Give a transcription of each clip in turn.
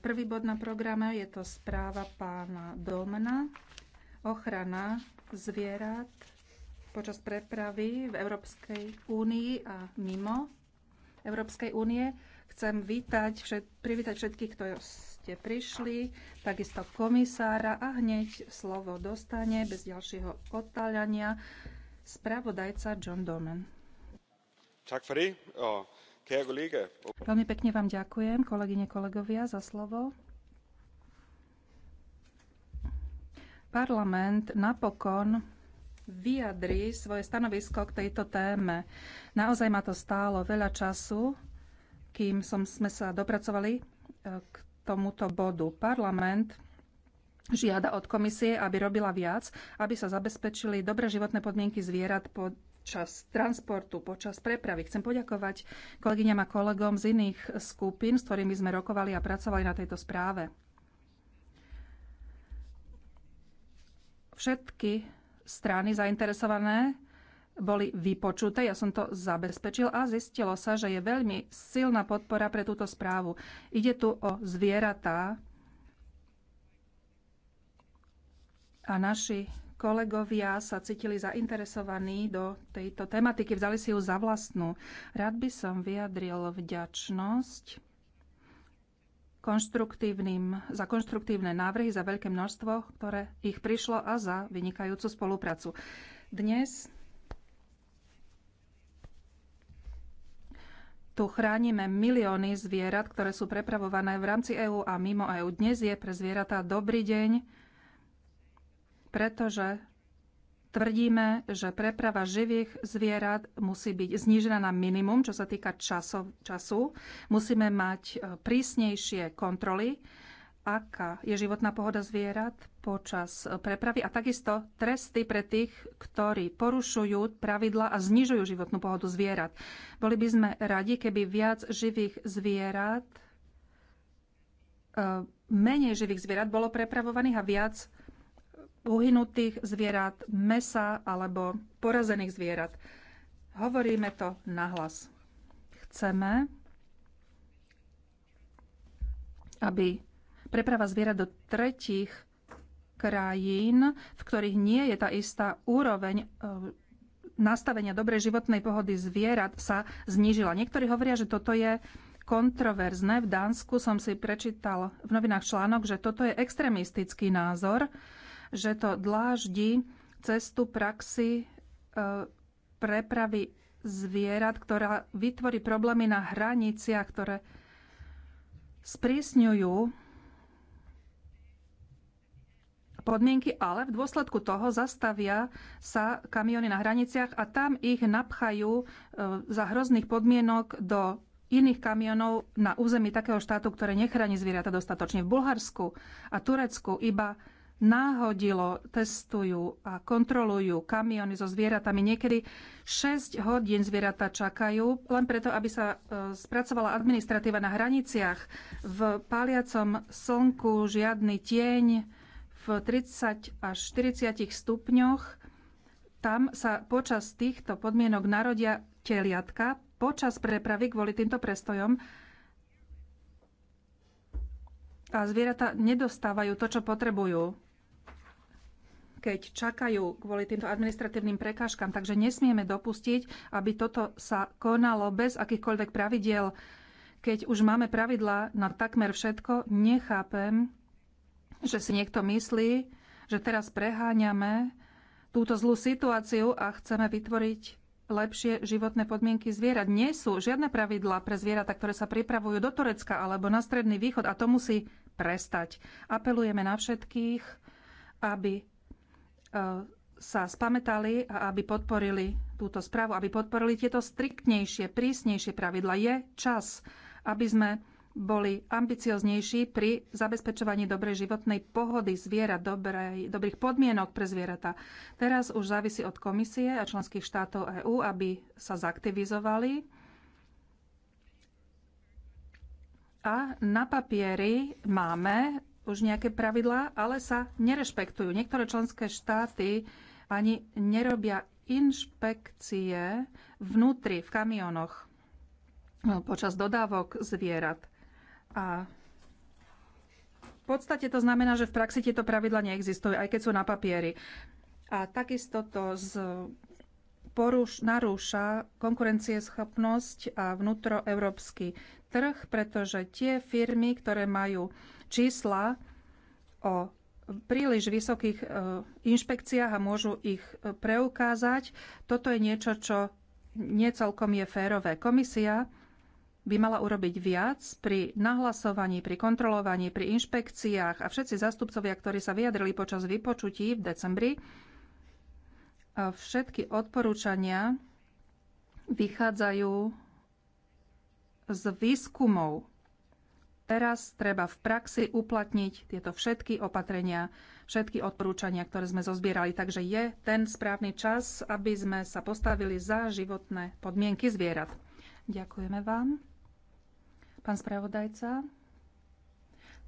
prvý bod na programe, je to správa pána Domna, ochrana zvierat počas prepravy v Európskej únii a mimo Európskej únie. Chcem vítať, všet, privítať všetkých, kto ste prišli, takisto komisára a hneď slovo dostane bez ďalšieho otáľania spravodajca John Domen. Tak Fri. Veľmi pekne vám ďakujem, kolegyne, kolegovia, za slovo. Parlament napokon vyjadri svoje stanovisko k tejto téme. Naozaj ma to stálo veľa času, kým som, sme sa dopracovali e, k tomuto bodu. Parlament žiada od komisie, aby robila viac, aby sa zabezpečili dobré životné podmienky zvierat pod počas transportu, počas prepravy. Chcem poďakovať kolegyňam a kolegom z iných skupín, s ktorými sme rokovali a pracovali na tejto správe. Všetky strany zainteresované boli vypočuté, ja som to zabezpečil a zistilo sa, že je veľmi silná podpora pre túto správu. Ide tu o zvieratá a naši kolegovia sa cítili zainteresovaní do tejto tematiky, vzali si ju za vlastnú. Rád by som vyjadril vďačnosť konštruktívnym, za konštruktívne návrhy, za veľké množstvo, ktoré ich prišlo a za vynikajúcu spoluprácu. Dnes Tu chránime milióny zvierat, ktoré sú prepravované v rámci EÚ a mimo EÚ. Dnes je pre zvieratá dobrý deň pretože tvrdíme, že preprava živých zvierat musí byť znížená na minimum, čo sa týka času. času. Musíme mať e, prísnejšie kontroly, aká je životná pohoda zvierat počas e, prepravy a takisto tresty pre tých, ktorí porušujú pravidla a znižujú životnú pohodu zvierat. Boli by sme radi, keby viac živých zvierat, e, menej živých zvierat bolo prepravovaných a viac uhynutých zvierat, mesa alebo porazených zvierat. Hovoríme to nahlas. Chceme, aby preprava zvierat do tretích krajín, v ktorých nie je tá istá úroveň e, nastavenia dobrej životnej pohody zvierat, sa znížila. Niektorí hovoria, že toto je kontroverzné. V Dánsku som si prečítal v novinách článok, že toto je extrémistický názor, že to dláždi cestu praxi e, prepravy zvierat, ktorá vytvorí problémy na hraniciach, ktoré sprísňujú podmienky, ale v dôsledku toho zastavia sa kamiony na hraniciach a tam ich napchajú e, za hrozných podmienok do iných kamionov na území takého štátu, ktoré nechráni zvieratá dostatočne. V Bulharsku a Turecku iba náhodilo testujú a kontrolujú kamiony so zvieratami. Niekedy 6 hodín zvieratá čakajú, len preto, aby sa e, spracovala administratíva na hraniciach. V páliacom slnku žiadny tieň v 30 až 40 stupňoch. Tam sa počas týchto podmienok narodia teliatka. Počas prepravy kvôli týmto prestojom a zvieratá nedostávajú to, čo potrebujú keď čakajú kvôli týmto administratívnym prekážkam. Takže nesmieme dopustiť, aby toto sa konalo bez akýchkoľvek pravidiel. Keď už máme pravidlá na takmer všetko, nechápem, že si niekto myslí, že teraz preháňame túto zlú situáciu a chceme vytvoriť lepšie životné podmienky zvierat. Nie sú žiadne pravidlá pre zvieratá, ktoré sa pripravujú do Turecka alebo na Stredný východ a to musí prestať. Apelujeme na všetkých, aby E, sa spametali a aby podporili túto správu, aby podporili tieto striktnejšie, prísnejšie pravidla. Je čas, aby sme boli ambicioznejší pri zabezpečovaní dobrej životnej pohody zviera, dobrej, dobrých podmienok pre zvieratá. Teraz už závisí od komisie a členských štátov EÚ, aby sa zaktivizovali a na papieri máme už nejaké pravidlá, ale sa nerešpektujú. Niektoré členské štáty ani nerobia inšpekcie vnútri v kamionoch no, počas dodávok zvierat. A v podstate to znamená, že v praxi tieto pravidla neexistujú, aj keď sú na papieri. A takisto to z, poruš, narúša konkurencieschopnosť a vnútroeurópsky trh, pretože tie firmy, ktoré majú čísla o príliš vysokých e, inšpekciách a môžu ich e, preukázať. Toto je niečo, čo niecelkom je férové. Komisia by mala urobiť viac pri nahlasovaní, pri kontrolovaní, pri inšpekciách a všetci zastupcovia, ktorí sa vyjadrili počas vypočutí v decembri, e, všetky odporúčania vychádzajú z výskumov Teraz treba v praxi uplatniť tieto všetky opatrenia, všetky odporúčania, ktoré sme zozbierali. Takže je ten správny čas, aby sme sa postavili za životné podmienky zvierat. Ďakujeme vám. Pán spravodajca,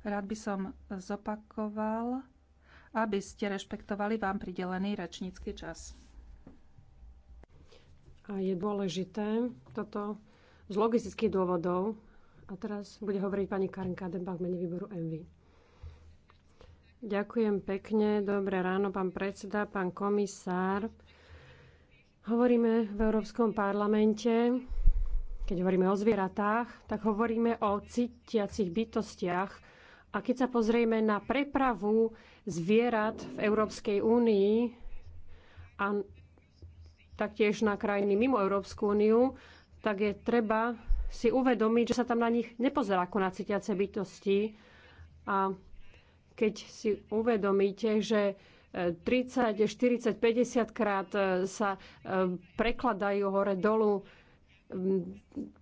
rád by som zopakoval, aby ste rešpektovali vám pridelený rečnícky čas. A je dôležité toto z logistických dôvodov a teraz bude hovoriť pani Karin Kadenbach v mene výboru MV. Ďakujem pekne. Dobré ráno, pán predseda, pán komisár. Hovoríme v Európskom parlamente, keď hovoríme o zvieratách, tak hovoríme o cítiacich bytostiach. A keď sa pozrieme na prepravu zvierat v Európskej únii a taktiež na krajiny mimo Európsku úniu, tak je treba si uvedomiť, že sa tam na nich nepozerá ako na cítiace bytosti. A keď si uvedomíte, že 30, 40, 50 krát e, sa e, prekladajú hore dolu,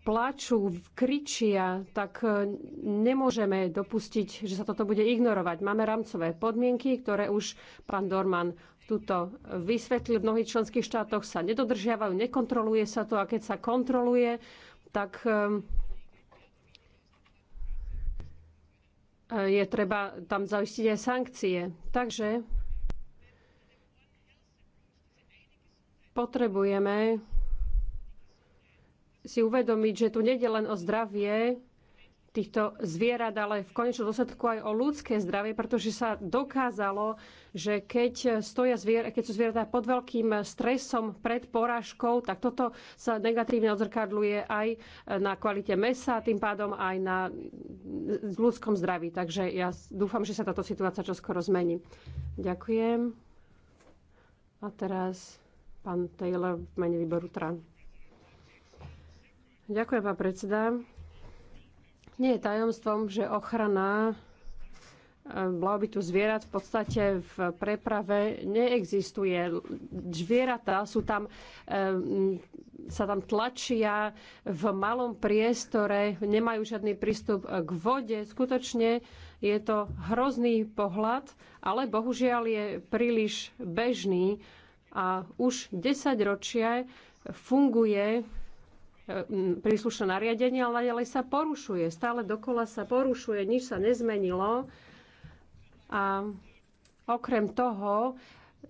plačú, kričia, tak e, nemôžeme dopustiť, že sa toto bude ignorovať. Máme rámcové podmienky, ktoré už pán Dorman tuto vysvetlil. V mnohých členských štátoch sa nedodržiavajú, nekontroluje sa to a keď sa kontroluje, tak ehm, je treba tam zaistiť aj sankcie. Takže potrebujeme si uvedomiť, že tu nejde len o zdravie týchto zvierat, ale v konečnom dôsledku aj o ľudské zdravie, pretože sa dokázalo, že keď, stoja zvier- keď sú zvieratá pod veľkým stresom pred porážkou, tak toto sa negatívne odzrkadluje aj na kvalite mesa, tým pádom aj na ľudskom zdraví. Takže ja dúfam, že sa táto situácia čoskoro zmení. Ďakujem. A teraz pán Taylor v mene výboru TRAN. Ďakujem, pán predseda. Nie je tajomstvom, že ochrana eh, blahobytu zvierat v podstate v preprave neexistuje. Zvieratá sú tam, eh, sa tam tlačia v malom priestore, nemajú žiadny prístup k vode. Skutočne je to hrozný pohľad, ale bohužiaľ je príliš bežný a už 10 ročia funguje E, príslušné nariadenie, ale ďalej sa porušuje. Stále dokola sa porušuje, nič sa nezmenilo. A okrem toho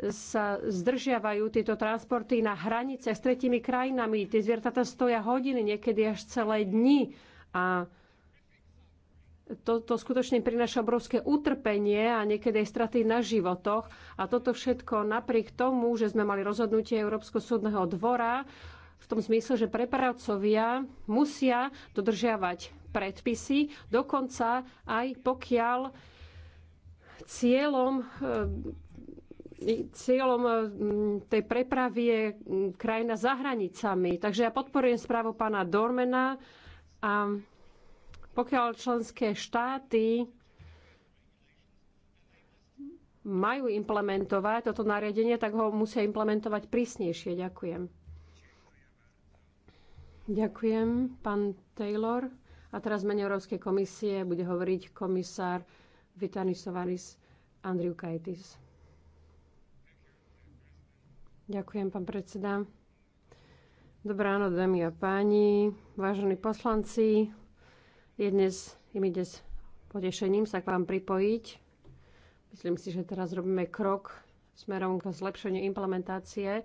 sa zdržiavajú tieto transporty na hraniciach s tretimi krajinami. Tie zvieratá stoja hodiny, niekedy až celé dni. A toto to skutočne prináša obrovské utrpenie a niekedy aj straty na životoch. A toto všetko napriek tomu, že sme mali rozhodnutie Európsko súdneho dvora, v tom zmysle, že prepravcovia musia dodržiavať predpisy, dokonca aj pokiaľ cieľom e, cieľom e, tej prepravy je krajina za hranicami. Takže ja podporujem správu pána Dormena a pokiaľ členské štáty majú implementovať toto nariadenie, tak ho musia implementovať prísnejšie. Ďakujem. Ďakujem, pán Taylor. A teraz mene Európskej komisie bude hovoriť komisár Vitanisovaris Andriu Kajtis. Ďakujem, pán predseda. Dobré ráno, dámy a páni, vážení poslanci. Je dnes, je mi dnes potešením sa k vám pripojiť. Myslím si, že teraz robíme krok smerom k zlepšeniu implementácie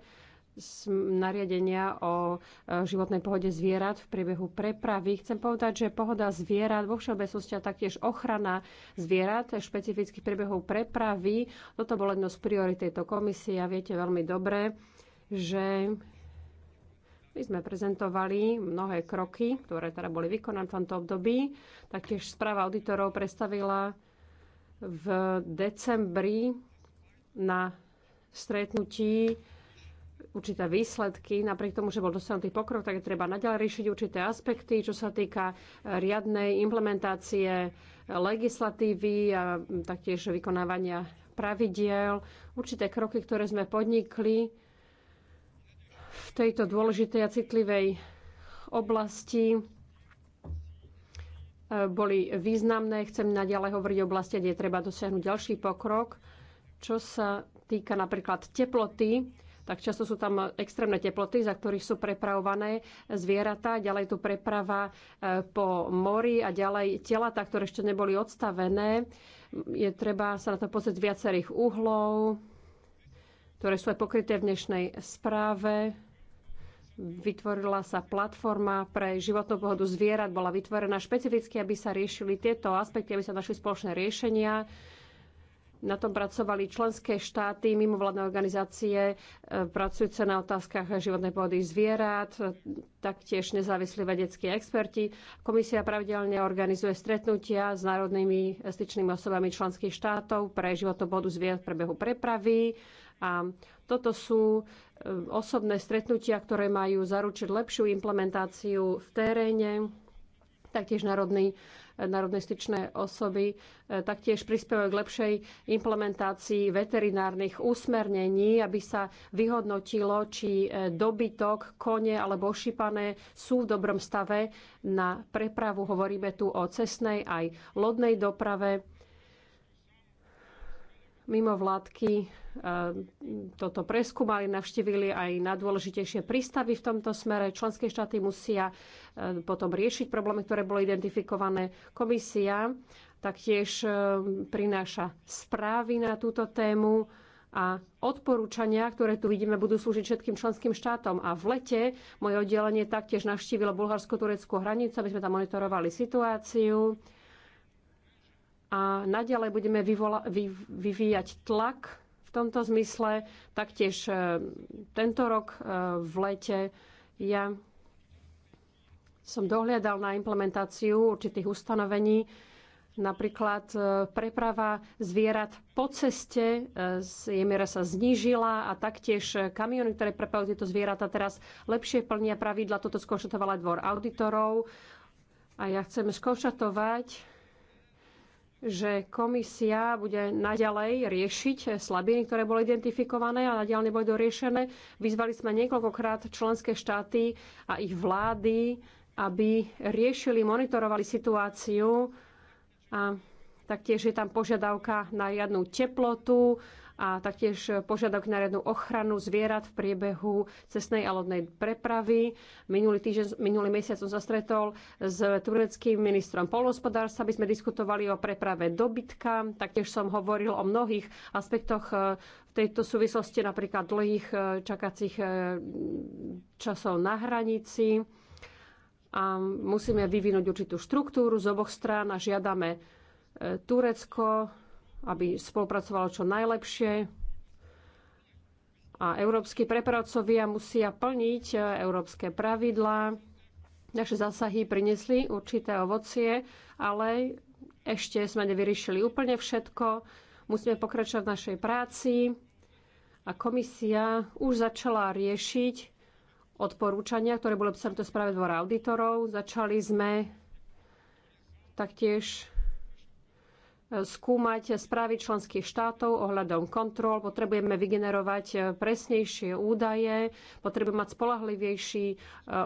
nariadenia o e, životnej pohode zvierat v priebehu prepravy. Chcem povedať, že pohoda zvierat vo všeobecnosti a taktiež ochrana zvierat e, špecificky v priebehu prepravy, toto bolo jedno z priorit tejto komisie a viete veľmi dobre, že my sme prezentovali mnohé kroky, ktoré teda boli vykonané v tomto období. Taktiež správa auditorov predstavila v decembri na stretnutí určité výsledky. Napriek tomu, že bol dosiahnutý pokrok, tak je treba naďalej riešiť určité aspekty, čo sa týka riadnej implementácie legislatívy a taktiež vykonávania pravidiel, určité kroky, ktoré sme podnikli v tejto dôležitej a citlivej oblasti e, boli významné. Chcem naďalej hovoriť o oblasti, kde je treba dosiahnuť ďalší pokrok. Čo sa týka napríklad teploty, tak často sú tam extrémne teploty, za ktorých sú prepravované zvieratá, ďalej tu preprava e, po mori a ďalej tá, ktoré ešte neboli odstavené. Je treba sa na to pozrieť z viacerých uhlov, ktoré sú aj pokryté v dnešnej správe vytvorila sa platforma pre životnú pohodu zvierat, bola vytvorená špecificky, aby sa riešili tieto aspekty, aby sa našli spoločné riešenia. Na tom pracovali členské štáty, mimovládne organizácie, e, pracujúce na otázkach životnej pohody zvierat, e, taktiež nezávislí vedeckí experti. Komisia pravidelne organizuje stretnutia s národnými styčnými osobami členských štátov pre životnú pohodu zvierat v prebehu prepravy. A toto sú e, osobné stretnutia, ktoré majú zaručiť lepšiu implementáciu v teréne. Taktiež národný národné styčné osoby e, taktiež prispievajú k lepšej implementácii veterinárnych úsmernení, aby sa vyhodnotilo, či e, dobytok, kone alebo ošípané sú v dobrom stave na prepravu. Hovoríme tu o cestnej aj lodnej doprave mimo vládky e, toto preskúmali, navštívili aj najdôležitejšie prístavy v tomto smere. Členské štáty musia e, potom riešiť problémy, ktoré boli identifikované. Komisia taktiež e, prináša správy na túto tému a odporúčania, ktoré tu vidíme, budú slúžiť všetkým členským štátom. A v lete moje oddelenie taktiež navštívilo bulharsko-tureckú hranicu, aby sme tam monitorovali situáciu a naďalej budeme vyvola- vy- vyvíjať tlak v tomto zmysle. Taktiež e, tento rok e, v lete ja som dohliadal na implementáciu určitých ustanovení, napríklad e, preprava zvierat po ceste, jej miera sa znížila a taktiež kamiony, ktoré prepravujú tieto zvieratá teraz lepšie plnia pravidla. Toto skonštatoval aj dvor auditorov. A ja chcem skonštatovať, že komisia bude naďalej riešiť slabiny, ktoré boli identifikované a naďalej neboli doriešené. Vyzvali sme niekoľkokrát členské štáty a ich vlády, aby riešili, monitorovali situáciu a taktiež je tam požiadavka na riadnu teplotu a taktiež požiadavky na riadnu ochranu zvierat v priebehu cestnej a lodnej prepravy. Minulý, týždeň, minulý mesiac som sa stretol s tureckým ministrom polnospodárstva, aby sme diskutovali o preprave dobytka. Taktiež som hovoril o mnohých aspektoch e, v tejto súvislosti, napríklad dlhých e, čakacích e, časov na hranici. A musíme vyvinúť určitú štruktúru z oboch strán a žiadame Turecko, aby spolupracovalo čo najlepšie. A európsky prepravcovia musia plniť e, európske pravidlá. Naše zásahy priniesli určité ovocie, ale ešte sme nevyriešili úplne všetko. Musíme pokračovať v našej práci. A komisia už začala riešiť odporúčania, ktoré boli obsahnuté v správe dvora auditorov. Začali sme taktiež skúmať správy členských štátov ohľadom kontrol, potrebujeme vygenerovať presnejšie údaje, potrebujeme mať spolahlivejší e,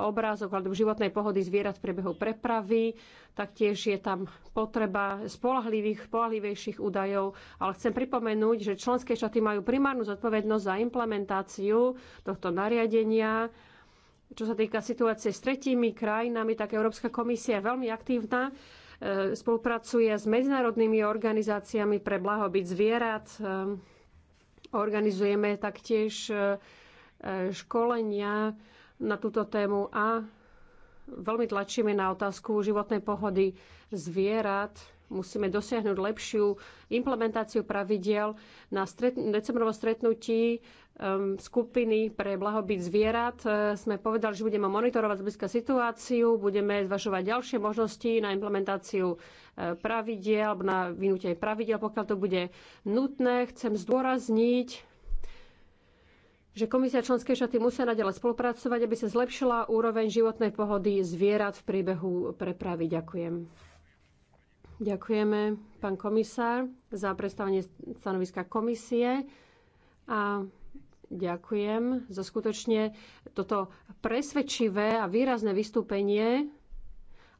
obrázok ohľadom životnej pohody zvierat v priebehu prepravy, taktiež je tam potreba spolahlivých, spolahlivejších údajov, ale chcem pripomenúť, že členské štáty majú primárnu zodpovednosť za implementáciu tohto nariadenia, čo sa týka situácie s tretími krajinami, tak Európska komisia je veľmi aktívna E, spolupracuje s medzinárodnými organizáciami pre blahobyt zvierat. E, organizujeme taktiež e, školenia na túto tému a veľmi tlačíme na otázku životnej pohody zvierat. Musíme dosiahnuť lepšiu implementáciu pravidiel. Na stret- decembrovom stretnutí skupiny pre blahobyt zvierat e, sme povedali, že budeme monitorovať zblízka situáciu, budeme zvažovať ďalšie možnosti na implementáciu e, pravidiel alebo na vynutie pravidiel, pokiaľ to bude nutné. Chcem zdôrazniť, že komisia členské štáty musia naďalej spolupracovať, aby sa zlepšila úroveň životnej pohody zvierat v priebehu prepravy. Ďakujem. Ďakujeme, pán komisár, za predstavenie stanoviska komisie. A Ďakujem za skutočne toto presvedčivé a výrazné vystúpenie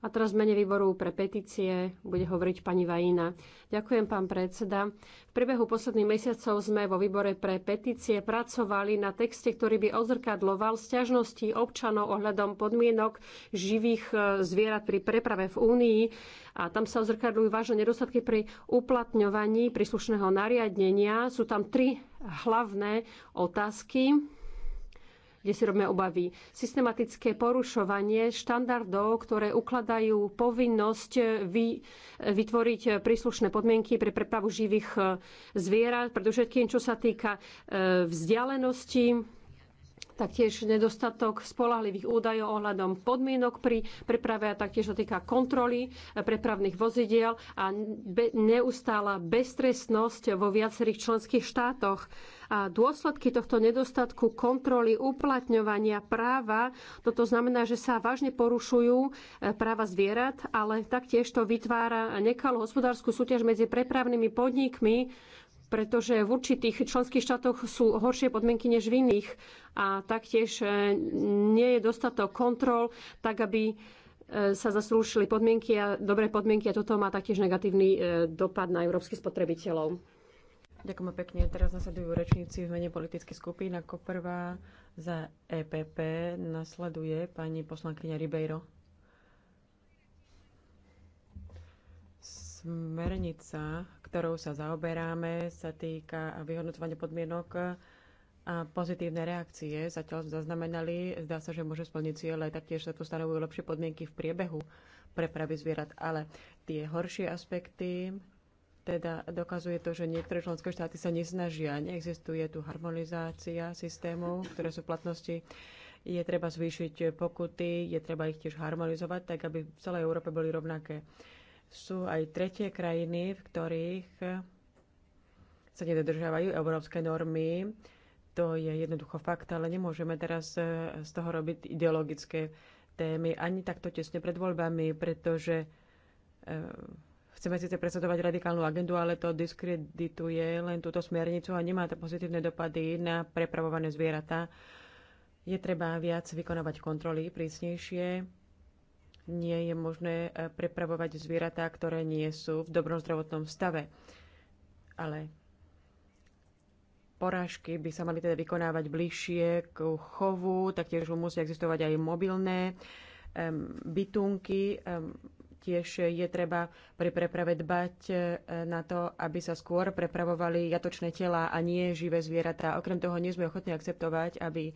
a teraz v mene výboru pre petície bude hovoriť pani Vajina. Ďakujem, pán predseda. V priebehu posledných mesiacov sme vo výbore pre petície pracovali na texte, ktorý by odzrkadloval stiažnosti občanov ohľadom podmienok živých e, zvierat pri preprave v Únii. A tam sa odzrkadľujú vážne nedostatky pri uplatňovaní príslušného nariadenia. Sú tam tri hlavné otázky kde si robíme obavy. Systematické porušovanie štandardov, ktoré ukladajú povinnosť vytvoriť príslušné podmienky pre prepravu živých eh, zvierat, predovšetkým čo sa týka eh, vzdialenosti taktiež nedostatok spolahlivých údajov ohľadom podmienok pri preprave a taktiež sa týka kontroly eh, prepravných vozidiel a be, neustála beztrestnosť vo viacerých členských štátoch. A dôsledky tohto nedostatku kontroly uplatňovania práva, toto znamená, že sa vážne porušujú eh, práva zvierat, ale taktiež to vytvára nekalú hospodárskú súťaž medzi prepravnými podnikmi, pretože v určitých členských štátoch sú horšie podmienky než v iných a taktiež e, nie je dostatok kontrol, tak aby e, sa zaslúšili podmienky a dobré podmienky a toto má taktiež negatívny e, dopad na európskych spotrebiteľov. Ďakujem pekne. Teraz nasledujú rečníci v mene politických skupín. Ako prvá za EPP nasleduje pani poslankyňa Ribeiro. Smernica, ktorou sa zaoberáme, sa týka vyhodnocovania podmienok a pozitívne reakcie zatiaľ zaznamenali. Zdá sa, že môže splniť ciele, taktiež sa tu stanovujú lepšie podmienky v priebehu prepravy zvierat, ale tie horšie aspekty teda dokazuje to, že niektoré členské štáty sa nesnažia, neexistuje tu harmonizácia systémov, ktoré sú v platnosti. Je treba zvýšiť pokuty, je treba ich tiež harmonizovať, tak aby v celej Európe boli rovnaké sú aj tretie krajiny, v ktorých sa nedodržiavajú európske normy. To je jednoducho fakt, ale nemôžeme teraz e, z toho robiť ideologické témy ani takto tesne pred voľbami, pretože e, chceme síce presadovať radikálnu agendu, ale to diskredituje len túto smernicu a nemá to pozitívne dopady na prepravované zvieratá. Je treba viac vykonávať kontroly prísnejšie nie je možné e, prepravovať zvieratá, ktoré nie sú v dobrom zdravotnom stave. Ale porážky by sa mali teda vykonávať bližšie k chovu, taktiež musia existovať aj mobilné bytunky. Tiež je treba pri preprave dbať e, na to, aby sa skôr prepravovali jatočné tela a nie živé zvieratá. Okrem toho nie sme ochotní akceptovať, aby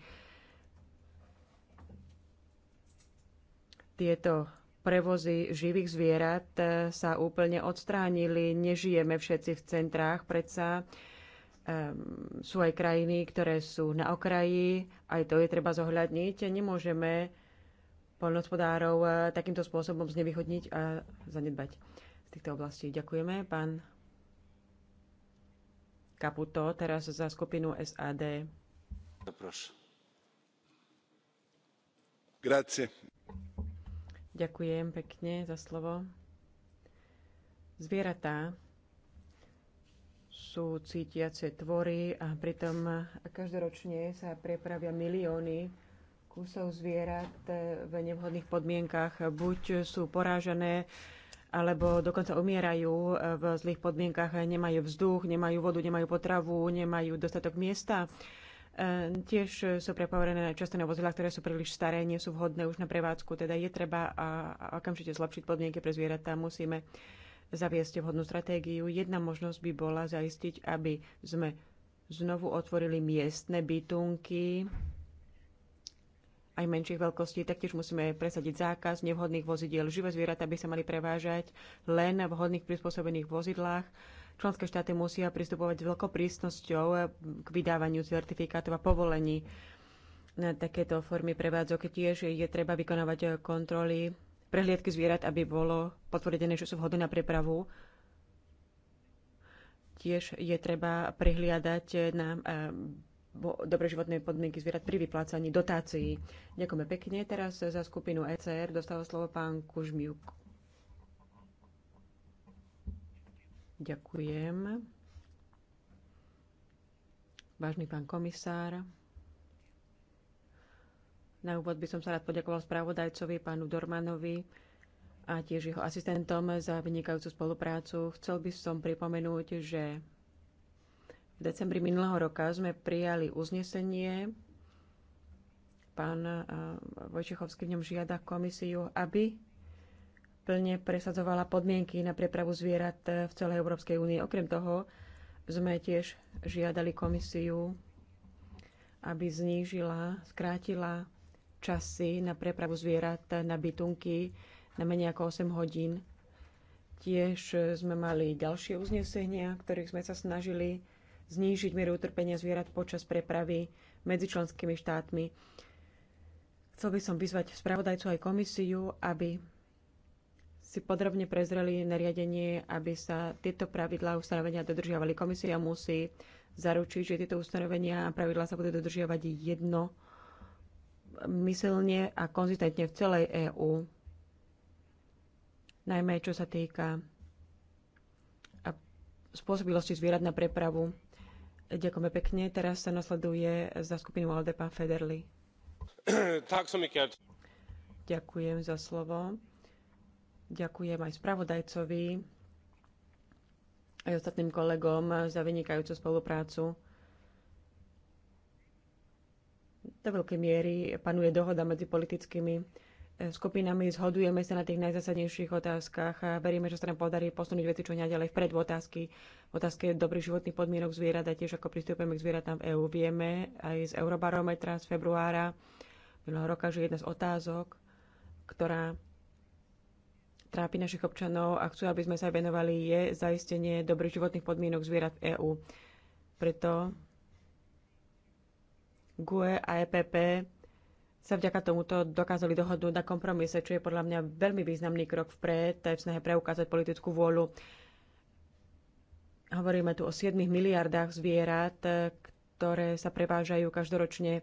Tieto prevozy živých zvierat e, sa úplne odstránili. Nežijeme všetci v centrách, predsa um, sú aj krajiny, ktoré sú na okraji, aj to je treba zohľadniť. Nemôžeme poľnohospodárov e, takýmto spôsobom znevýhodniť a zanedbať z týchto oblastí. Ďakujeme. Pán Kaputo, teraz za skupinu SAD. Prosím. Grazie. Ďakujem pekne za slovo. Zvieratá sú cítiace tvory a pritom každoročne sa prepravia milióny kusov zvierat eh, v nevhodných podmienkach. Buď sú porážané, alebo dokonca umierajú eh, v zlých podmienkach, nemajú vzduch, nemajú vodu, nemajú potravu, nemajú dostatok miesta. Ehm, tiež sú prepoverené často na vozidlá, ktoré sú príliš staré, nie sú vhodné už na prevádzku, teda je treba a, a okamžite zlepšiť podmienky pre zvieratá. Musíme zaviesť vhodnú stratégiu. Jedna možnosť by bola zaistiť, aby sme znovu otvorili miestne bytunky aj menších veľkostí. Taktiež musíme presadiť zákaz nevhodných vozidiel. Živé zvieratá by sa mali prevážať len na vhodných prispôsobených vozidlách Členské štáty musia pristupovať s veľkou prísnosťou k vydávaniu certifikátov a povolení na takéto formy prevádzok. Tiež je treba vykonávať kontroly, prehliadky zvierat, aby bolo potvrdené, že sú vhodné na prepravu. Tiež je treba prihliadať na eh, dobre životné podmienky zvierat pri vyplácaní dotácií. Ďakujeme pekne. Teraz za skupinu ECR dostáva slovo pán Kužmiuk. Ďakujem. Vážny pán komisár, na úvod by som sa rád poďakoval spravodajcovi, pánu Dormanovi a tiež jeho asistentom za vynikajúcu spoluprácu. Chcel by som pripomenúť, že v decembri minulého roka sme prijali uznesenie. Pán eh, Vojčechovský v ňom žiada komisiu, aby plne presadzovala podmienky na prepravu zvierat v celej Európskej únii. Okrem toho sme tiež žiadali komisiu, aby znížila, skrátila časy na prepravu zvierat na bytunky na menej ako 8 hodín. Tiež sme mali ďalšie uznesenia, ktorých sme sa snažili znížiť mieru utrpenia zvierat počas prepravy medzi členskými štátmi. Chcel by som vyzvať spravodajcu aj komisiu, aby si podrobne prezreli nariadenie, aby sa tieto pravidlá a ustanovenia dodržiavali. Komisia musí zaručiť, že tieto ustanovenia a pravidlá sa budú dodržiavať jedno myselne a konzistentne v celej EÚ, najmä čo sa týka spôsobilosti zvierat na prepravu. Ďakujeme pekne. Teraz sa nasleduje za skupinu Alde pán Federli. Ďakujem za slovo. Ďakujem aj spravodajcovi, aj ostatným kolegom za vynikajúcu spoluprácu. Do veľkej miery panuje dohoda medzi politickými eh, skupinami, zhodujeme sa na tých najzásadnejších otázkach a veríme, že sa nám podarí posunúť veci čo ďalej vpred v otázky, v otázke dobrých životných podmienok zvierat a tiež ako pristupujeme k zvieratám v EÚ. Vieme aj z Eurobarometra z februára minulého roka, že jedna z otázok, ktorá trápi našich občanov a chcú, aby sme sa venovali, je zaistenie dobrých životných podmienok zvierat v EÚ. Preto GUE a EPP sa vďaka tomuto dokázali dohodnúť na kompromise, čo je podľa mňa veľmi významný krok vpred, aj v snahe preukázať politickú vôľu. Hovoríme tu o 7 miliardách zvierat, ktoré sa prevážajú každoročne eh,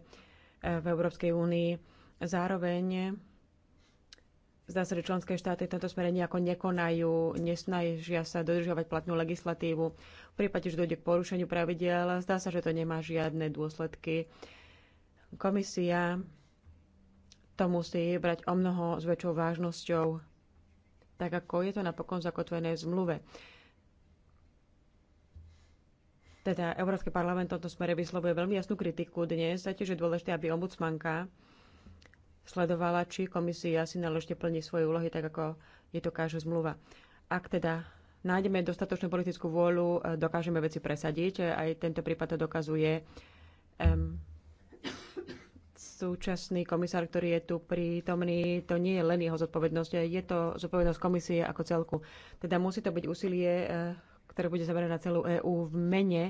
v Európskej únii. Zároveň Zdá sa, že členské štáty v tomto smere nejako nekonajú, nesnažia sa dodržiavať platnú legislatívu. V prípade, že dojde k porušeniu pravidiel, zdá sa, že to nemá žiadne dôsledky. Komisia to musí brať o mnoho s väčšou vážnosťou, tak ako je to napokon zakotvené v zmluve. Teda Európsky parlament v tomto smere vyslovuje veľmi jasnú kritiku dnes, a tiež je dôležité, aby ombudsmanka sledovala, či komisia si náležite plní svoje úlohy, tak ako je to každá zmluva. Ak teda nájdeme dostatočnú politickú vôľu, eh, dokážeme veci presadiť. Aj tento prípad to dokazuje. Um, súčasný komisár, ktorý je tu prítomný, to nie je len jeho zodpovednosť, eh, je to zodpovednosť komisie ako celku. Teda musí to byť úsilie, eh, ktoré bude zamerané na celú EÚ v mene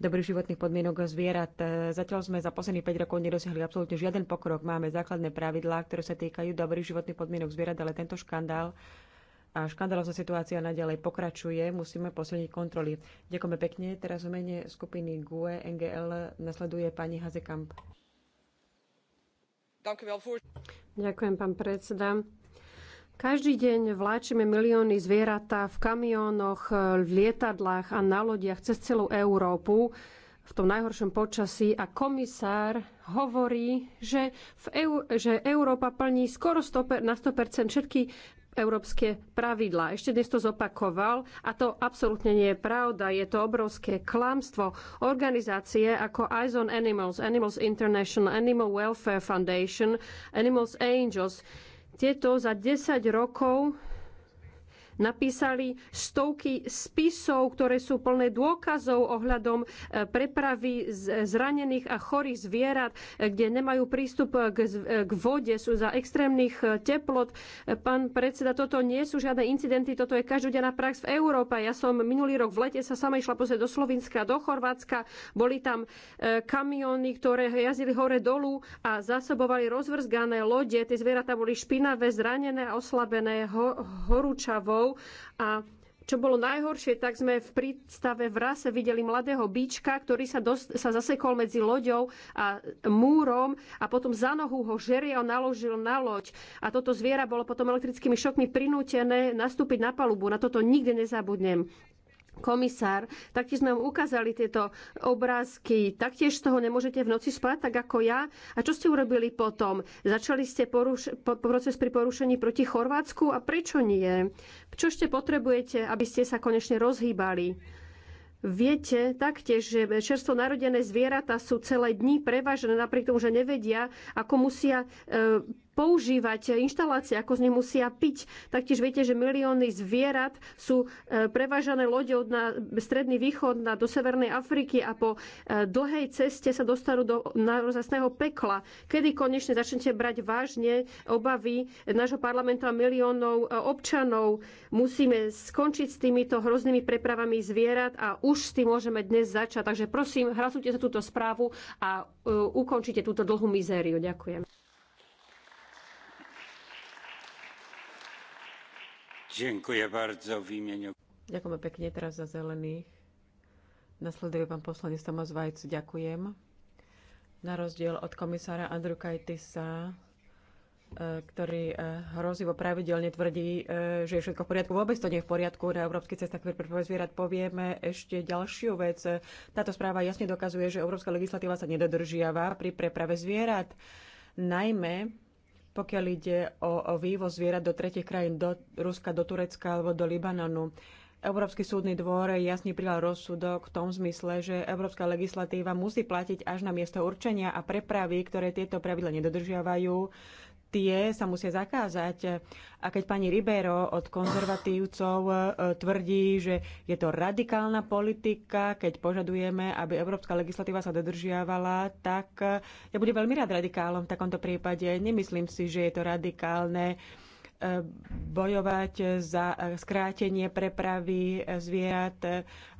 dobrých životných podmienok zvierat. E, Zatiaľ sme za posledných 5 rokov nedosiahli absolútne žiaden pokrok. Máme základné pravidlá, ktoré sa týkajú dobrých životných podmienok zvierat, ale tento škandál a škandalozná situácia naďalej pokračuje, musíme posilniť kontroly. Ďakujeme pekne. Teraz v mene skupiny GUE NGL nasleduje pani Hazekamp. Ďakujem, pán predseda. Každý deň vláčime milióny zvieratá v kamiónoch, v lietadlách a na lodiach cez celú Európu v tom najhoršom počasí a komisár hovorí, že, v EU, že Európa plní skoro 100, na 100% všetky európske pravidlá. Ešte dnes to zopakoval a to absolútne nie je pravda. Je to obrovské klamstvo. Organizácie ako Eyes on Animals, Animals International, Animal Welfare Foundation, Animals Angels, tieto za 10 rokov napísali stovky spisov, ktoré sú plné dôkazov ohľadom eh, prepravy zranených a chorých zvierat, eh, kde nemajú prístup eh, k vode, sú za extrémnych teplot. Pán predseda, toto nie sú žiadne incidenty, toto je každodenná prax v Európe. Ja som minulý rok v lete sa sama išla pozrieť do Slovenska, do Chorvátska. Boli tam kamiony, ktoré jazdili hore dolu a zásobovali rozvrzgané lode. Tie zvieratá boli špinavé, zranené a oslabené horúčavou rokov a čo bolo najhoršie, tak sme v prístave v rase videli mladého bíčka, ktorý sa, dos- sa zasekol medzi loďou a múrom a potom za nohu ho žeria naložil na loď. A toto zviera bolo potom elektrickými šokmi prinútené nastúpiť na palubu. Na toto nikdy nezabudnem komisár. Taktiež sme vám ukázali tieto obrázky. Taktiež z toho nemôžete v noci spať, tak ako ja. A čo ste urobili potom? Začali ste poruš- po- proces pri porušení proti Chorvátsku? A prečo nie? Čo ešte potrebujete, aby ste sa konečne rozhýbali? Viete taktiež, že čerstvo narodené zvieratá sú celé dni prevažené, napriek tomu, že nevedia, ako musia e, používať inštalácie, ako z nich musia piť. Taktiež viete, že milióny zvierat sú e, prevážané lode od na stredný východ na, do Severnej Afriky a po e, dlhej ceste sa dostanú do naozajstného pekla. Kedy konečne začnete brať vážne obavy nášho parlamentu a miliónov e, občanov? Musíme skončiť s týmito hroznými prepravami zvierat a už s tým môžeme dnes začať. Takže prosím, hlasujte sa túto správu a ukončite túto dlhú mizériu. Ďakujem. Ďakujeme pekne teraz za zelených. Nasleduje pán poslanec Tomáš Vajc. Ďakujem. Na rozdiel od komisára Andru Kajtisa, e, ktorý e, hrozivo pravidelne tvrdí, e, že je všetko v poriadku. Vôbec to nie je v poriadku. Na Európskej cestách pre prvé zvierat povieme ešte ďalšiu vec. Táto správa jasne dokazuje, že európska legislatíva sa nedodržiava pri preprave zvierat. Najmä pokiaľ ide o, vývoz zvierat do tretich krajín, do Ruska, do Turecka alebo do Libanonu. Európsky súdny dvor jasne prijal rozsudok v tom zmysle, že európska legislatíva musí platiť až na miesto určenia a prepravy, ktoré tieto pravidla nedodržiavajú, tie sa musia zakázať. A keď pani Ribero od konzervatívcov e, tvrdí, že je to radikálna politika, keď požadujeme, aby európska legislatíva sa dodržiavala, tak e, ja budem veľmi rád radikálom v takomto prípade. Nemyslím si, že je to radikálne bojovať za skrátenie prepravy zvierat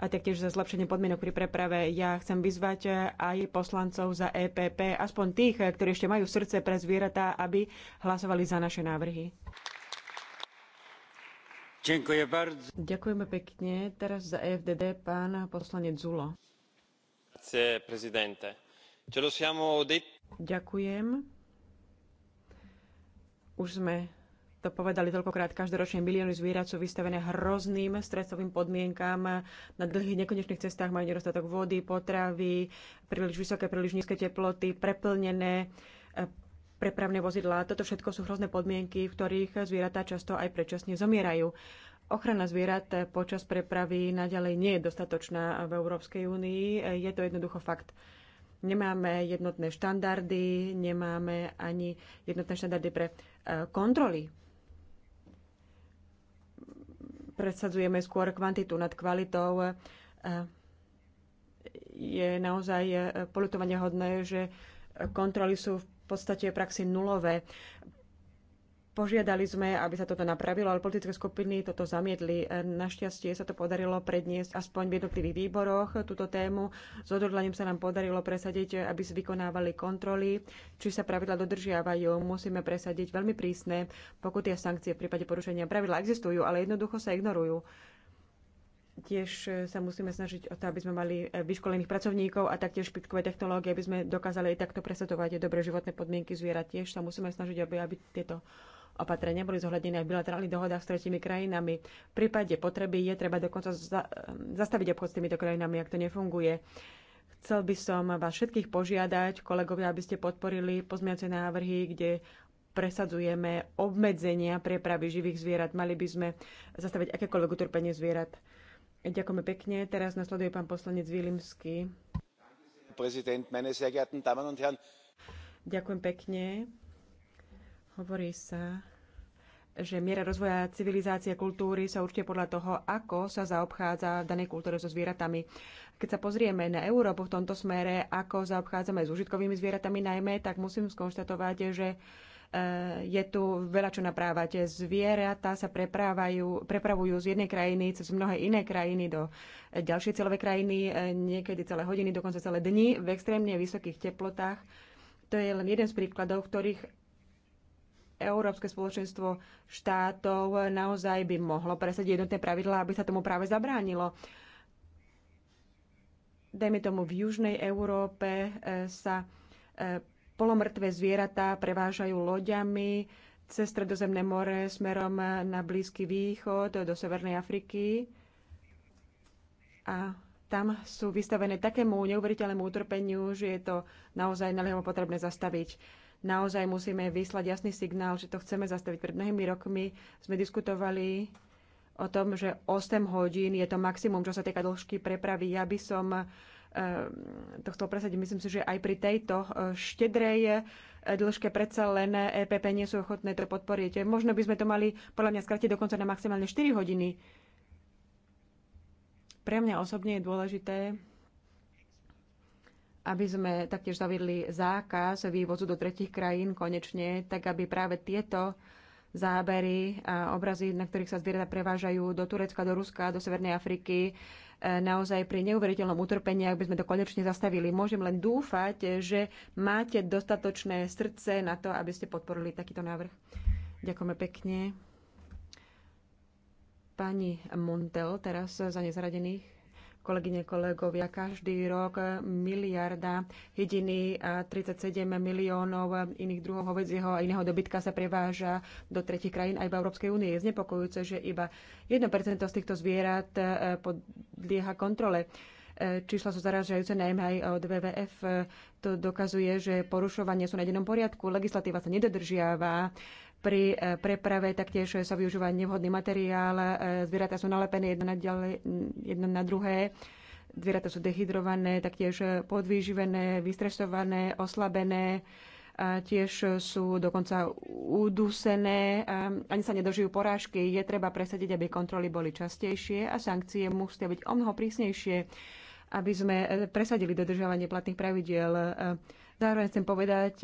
a taktiež za zlepšenie podmienok pri preprave. Ja chcem vyzvať aj poslancov za EPP, aspoň tých, ktorí ešte majú srdce pre zvieratá, aby hlasovali za naše návrhy. Ďakujem Ďakujeme pekne. Teraz za EFDD pán poslanec Zulo. Ďakujem. Už sme to povedali toľkokrát, každoročne milióny zvierat sú vystavené hrozným stresovým podmienkám Na dlhých nekonečných cestách majú nedostatok vody, potravy, príliš vysoké, príliš nízke teploty, preplnené eh, prepravné vozidlá. Toto všetko sú hrozné podmienky, v ktorých zvieratá často aj predčasne zomierajú. Ochrana zvierat počas prepravy naďalej nie je dostatočná v Európskej únii. Je to jednoducho fakt nemáme jednotné štandardy, nemáme ani jednotné štandardy pre eh, kontroly presadzujeme skôr kvantitu nad kvalitou. Je naozaj e, politovanie hodné, že kontroly sú v podstate praxi nulové. Požiadali sme, aby sa toto napravilo, ale politické skupiny toto zamietli. Našťastie sa to podarilo predniesť aspoň v jednotlivých výboroch túto tému. S odhodlaním sa nám podarilo presadiť, aby si vykonávali kontroly, či sa pravidla dodržiavajú. Musíme presadiť veľmi prísne pokuty a sankcie v prípade porušenia. Pravidla existujú, ale jednoducho sa ignorujú. Tiež sa musíme snažiť o to, aby sme mali vyškolených pracovníkov a taktiež špitkové technológie, aby sme dokázali aj takto presadovať dobré životné podmienky zvierat. Tiež sa musíme snažiť, aby, aby tieto opatrenia boli zohľadené aj v bilaterálnych dohodách s tretími krajinami. V prípade potreby je treba dokonca za, zastaviť obchod s týmito krajinami, ak to nefunguje. Chcel by som vás všetkých požiadať, kolegovia, aby ste podporili pozmiace návrhy, kde presadzujeme obmedzenia prepravy živých zvierat. Mali by sme zastaviť akékoľvek utrpenie zvierat. Ďakujeme pekne. Teraz nasleduje pán poslanec Vilimsky. Prezident, meine sehr geehrten Damen und Herren. Ďakujem pekne. Hovorí sa, že miera rozvoja civilizácie a kultúry sa určite podľa toho, ako sa zaobchádza v danej kultúre so zvieratami. Keď sa pozrieme na Európu v tomto smere, ako zaobchádzame s užitkovými zvieratami najmä, tak musím skonštatovať, že eh, je tu veľa čo naprávať. Zvieratá sa preprávajú, prepravujú z jednej krajiny cez mnohé iné krajiny do eh, ďalšej celovej krajiny, eh, niekedy celé hodiny, dokonca celé dni v extrémne vysokých teplotách. To je len jeden z príkladov, v ktorých Európske spoločenstvo štátov naozaj by mohlo presadiť jednotné pravidlá, aby sa tomu práve zabránilo. Dajme tomu, v južnej Európe e, sa e, polomrtvé zvieratá prevážajú loďami cez Stredozemné more smerom na Blízky východ do Severnej Afriky. A tam sú vystavené takému neuveriteľnému utrpeniu, že je to naozaj naliehavo potrebné zastaviť naozaj musíme vyslať jasný signál, že to chceme zastaviť. Pred mnohými rokmi sme diskutovali o tom, že 8 hodín je to maximum, čo sa týka dĺžky prepravy. Ja by som eh, to chcel presadiť. Myslím si, že aj pri tejto eh, štedrej eh, dĺžke predsa len EPP e nie sú ochotné to podporiť. Možno by sme to mali podľa mňa skratiť dokonca na maximálne 4 hodiny. Pre mňa osobne je dôležité, aby sme taktiež zaviedli zákaz vývozu do tretich krajín konečne, tak aby práve tieto zábery a obrazy, na ktorých sa zvieratá prevážajú do Turecka, do Ruska, do Severnej Afriky, e, naozaj pri neuveriteľnom utrpení, ak by sme to konečne zastavili. Môžem len dúfať, že máte dostatočné srdce na to, aby ste podporili takýto návrh. Ďakujeme pekne. Pani Montel, teraz za nezaradených. Kolegyne, kolegovia, každý rok miliarda hydiny a 37 miliónov iných druhov hovedzieho a iného dobytka sa preváža do tretich krajín aj v Európskej únie. Je znepokojúce, že iba 1% z týchto zvierat e, podlieha kontrole e, čísla sú zaražajúce najmä aj od WWF. E, to dokazuje, že porušovanie sú na jednom poriadku, legislatíva sa nedodržiava, pri e, preprave taktiež sa využíva nevhodný materiál, e, zvieratá sú nalepené jedno na, ďale, jedno na druhé, zvieratá sú dehydrované, taktiež e, podvýživené, vystresované, oslabené, a tiež sú dokonca udusené, ani sa nedožijú porážky. Je treba presadiť, aby kontroly boli častejšie a sankcie musia byť o mnoho prísnejšie, aby sme presadili dodržovanie platných pravidiel. Zároveň chcem povedať,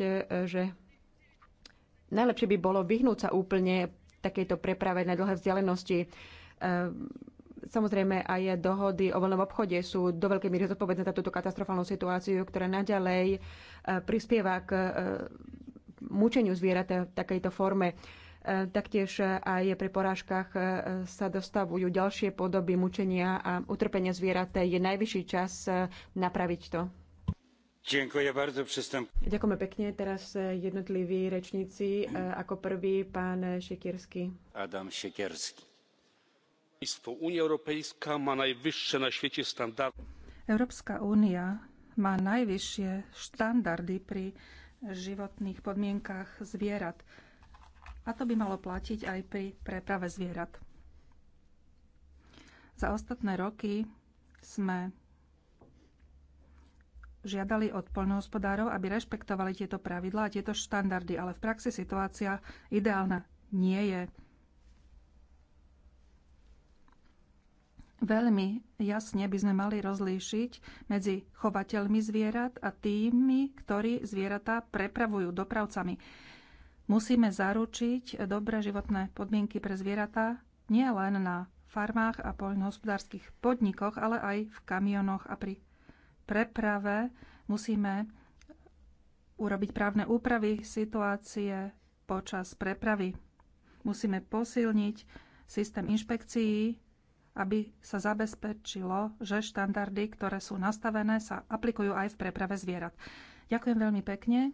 že najlepšie by bolo vyhnúť sa úplne takejto preprave na dlhé vzdialenosti. Ehm, samozrejme, aj dohody o voľnom obchode sú do veľkej miery zodpovedné za túto katastrofálnu situáciu, ktorá naďalej e, prispieva k e, mučeniu zvierat v takejto forme. E, taktiež aj pri porážkach sa dostavujú ďalšie podoby mučenia a utrpenia zvierat. Je najvyšší čas napraviť to. Ďakujeme pekne. Teraz e, jednotliví rečníci. E, ako prvý pán Šekierský. Adam Šekierský. Unia Európejská má najvyššie na svete standardy. Európska únia má najvyššie štandardy pri životných podmienkach zvierat. A to by malo platiť aj pri preprave zvierat. Za ostatné roky sme žiadali od poľnohospodárov, aby rešpektovali tieto pravidlá a tieto štandardy, ale v praxi situácia ideálna nie je. Veľmi jasne by sme mali rozlíšiť medzi chovateľmi zvierat a tými, ktorí zvieratá prepravujú dopravcami. Musíme zaručiť dobré životné podmienky pre zvieratá nielen na farmách a poľnohospodárskych podnikoch, ale aj v kamionoch a pri preprave musíme urobiť právne úpravy situácie počas prepravy. Musíme posilniť systém inšpekcií, aby sa zabezpečilo, že štandardy, ktoré sú nastavené, sa aplikujú aj v preprave zvierat. Ďakujem veľmi pekne.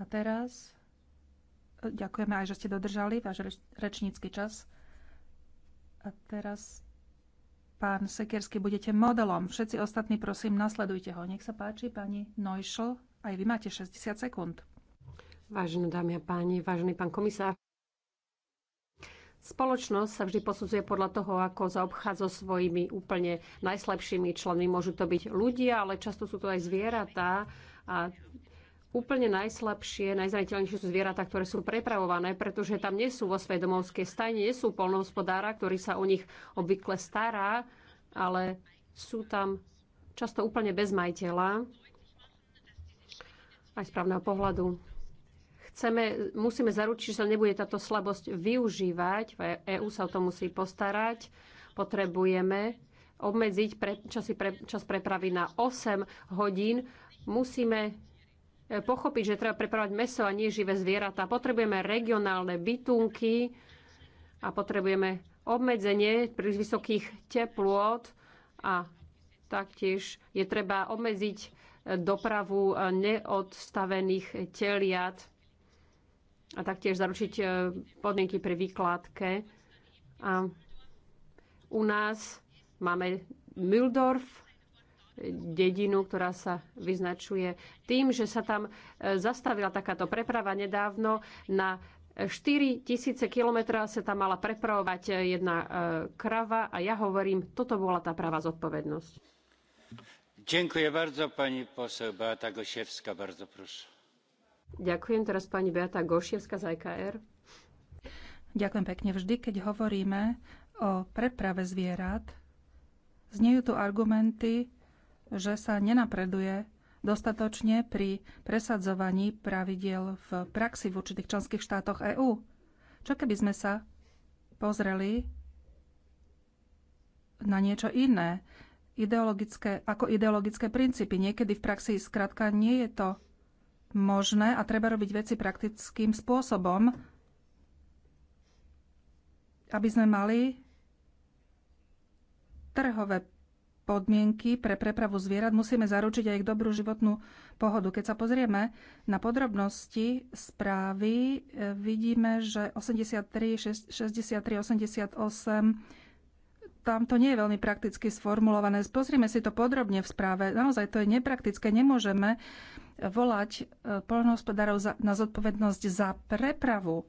A teraz e, ďakujeme aj, že ste dodržali váš rečnícky čas. A teraz Pán Sekersky, budete modelom. Všetci ostatní, prosím, nasledujte ho. Nech sa páči, pani Neuschl. Aj vy máte 60 sekúnd. Vážené dámy a páni, vážený pán komisár, Spoločnosť sa vždy posudzuje podľa toho, ako zaobchádza so svojimi úplne najslabšími členmi. Môžu to byť ľudia, ale často sú to aj zvieratá. A Úplne najslabšie, najzraniteľnejšie sú zvieratá, ktoré sú prepravované, pretože tam nie sú vo svojej domovskej stajne, nie sú polnohospodára, ktorý sa o nich obvykle stará, ale sú tam často úplne bez majiteľa aj správneho pohľadu. Chceme, musíme zaručiť, že sa nebude táto slabosť využívať. EÚ sa o to musí postarať. Potrebujeme obmedziť pre, časy pre, čas prepravy na 8 hodín. Musíme E, pochopiť, že treba prepravať meso a nie živé zvieratá. Potrebujeme regionálne bytunky a potrebujeme obmedzenie príliš vysokých teplôt a taktiež je treba obmedziť e, dopravu e, neodstavených teliat a taktiež zaručiť podmienky pri výkladke. A u nás máme Mildorf, dedinu, ktorá sa vyznačuje tým, že sa tam e, zastavila takáto preprava nedávno na 4 tisíce kilometra sa tam mala prepravovať e, jedna e, krava a ja hovorím, toto bola tá práva zodpovednosť. Ďakujem bardzo, pani posel Beata Goševská, bardzo prosím. Ďakujem teraz pani Beata Gošievska z IKR. Ďakujem pekne. Vždy, keď hovoríme o preprave zvierat, znejú tu argumenty, že sa nenapreduje dostatočne pri presadzovaní pravidiel v praxi v určitých členských štátoch EÚ. Čo keby sme sa pozreli na niečo iné, ideologické, ako ideologické princípy. Niekedy v praxi skrátka nie je to možné a treba robiť veci praktickým spôsobom, aby sme mali trhové podmienky pre prepravu zvierat, musíme zaručiť aj ich dobrú životnú pohodu. Keď sa pozrieme na podrobnosti správy, e, vidíme, že 83, 63, 88 tam to nie je veľmi prakticky sformulované. Pozrieme si to podrobne v správe. Naozaj to je nepraktické. Nemôžeme volať e, polnohospodárov na zodpovednosť za prepravu.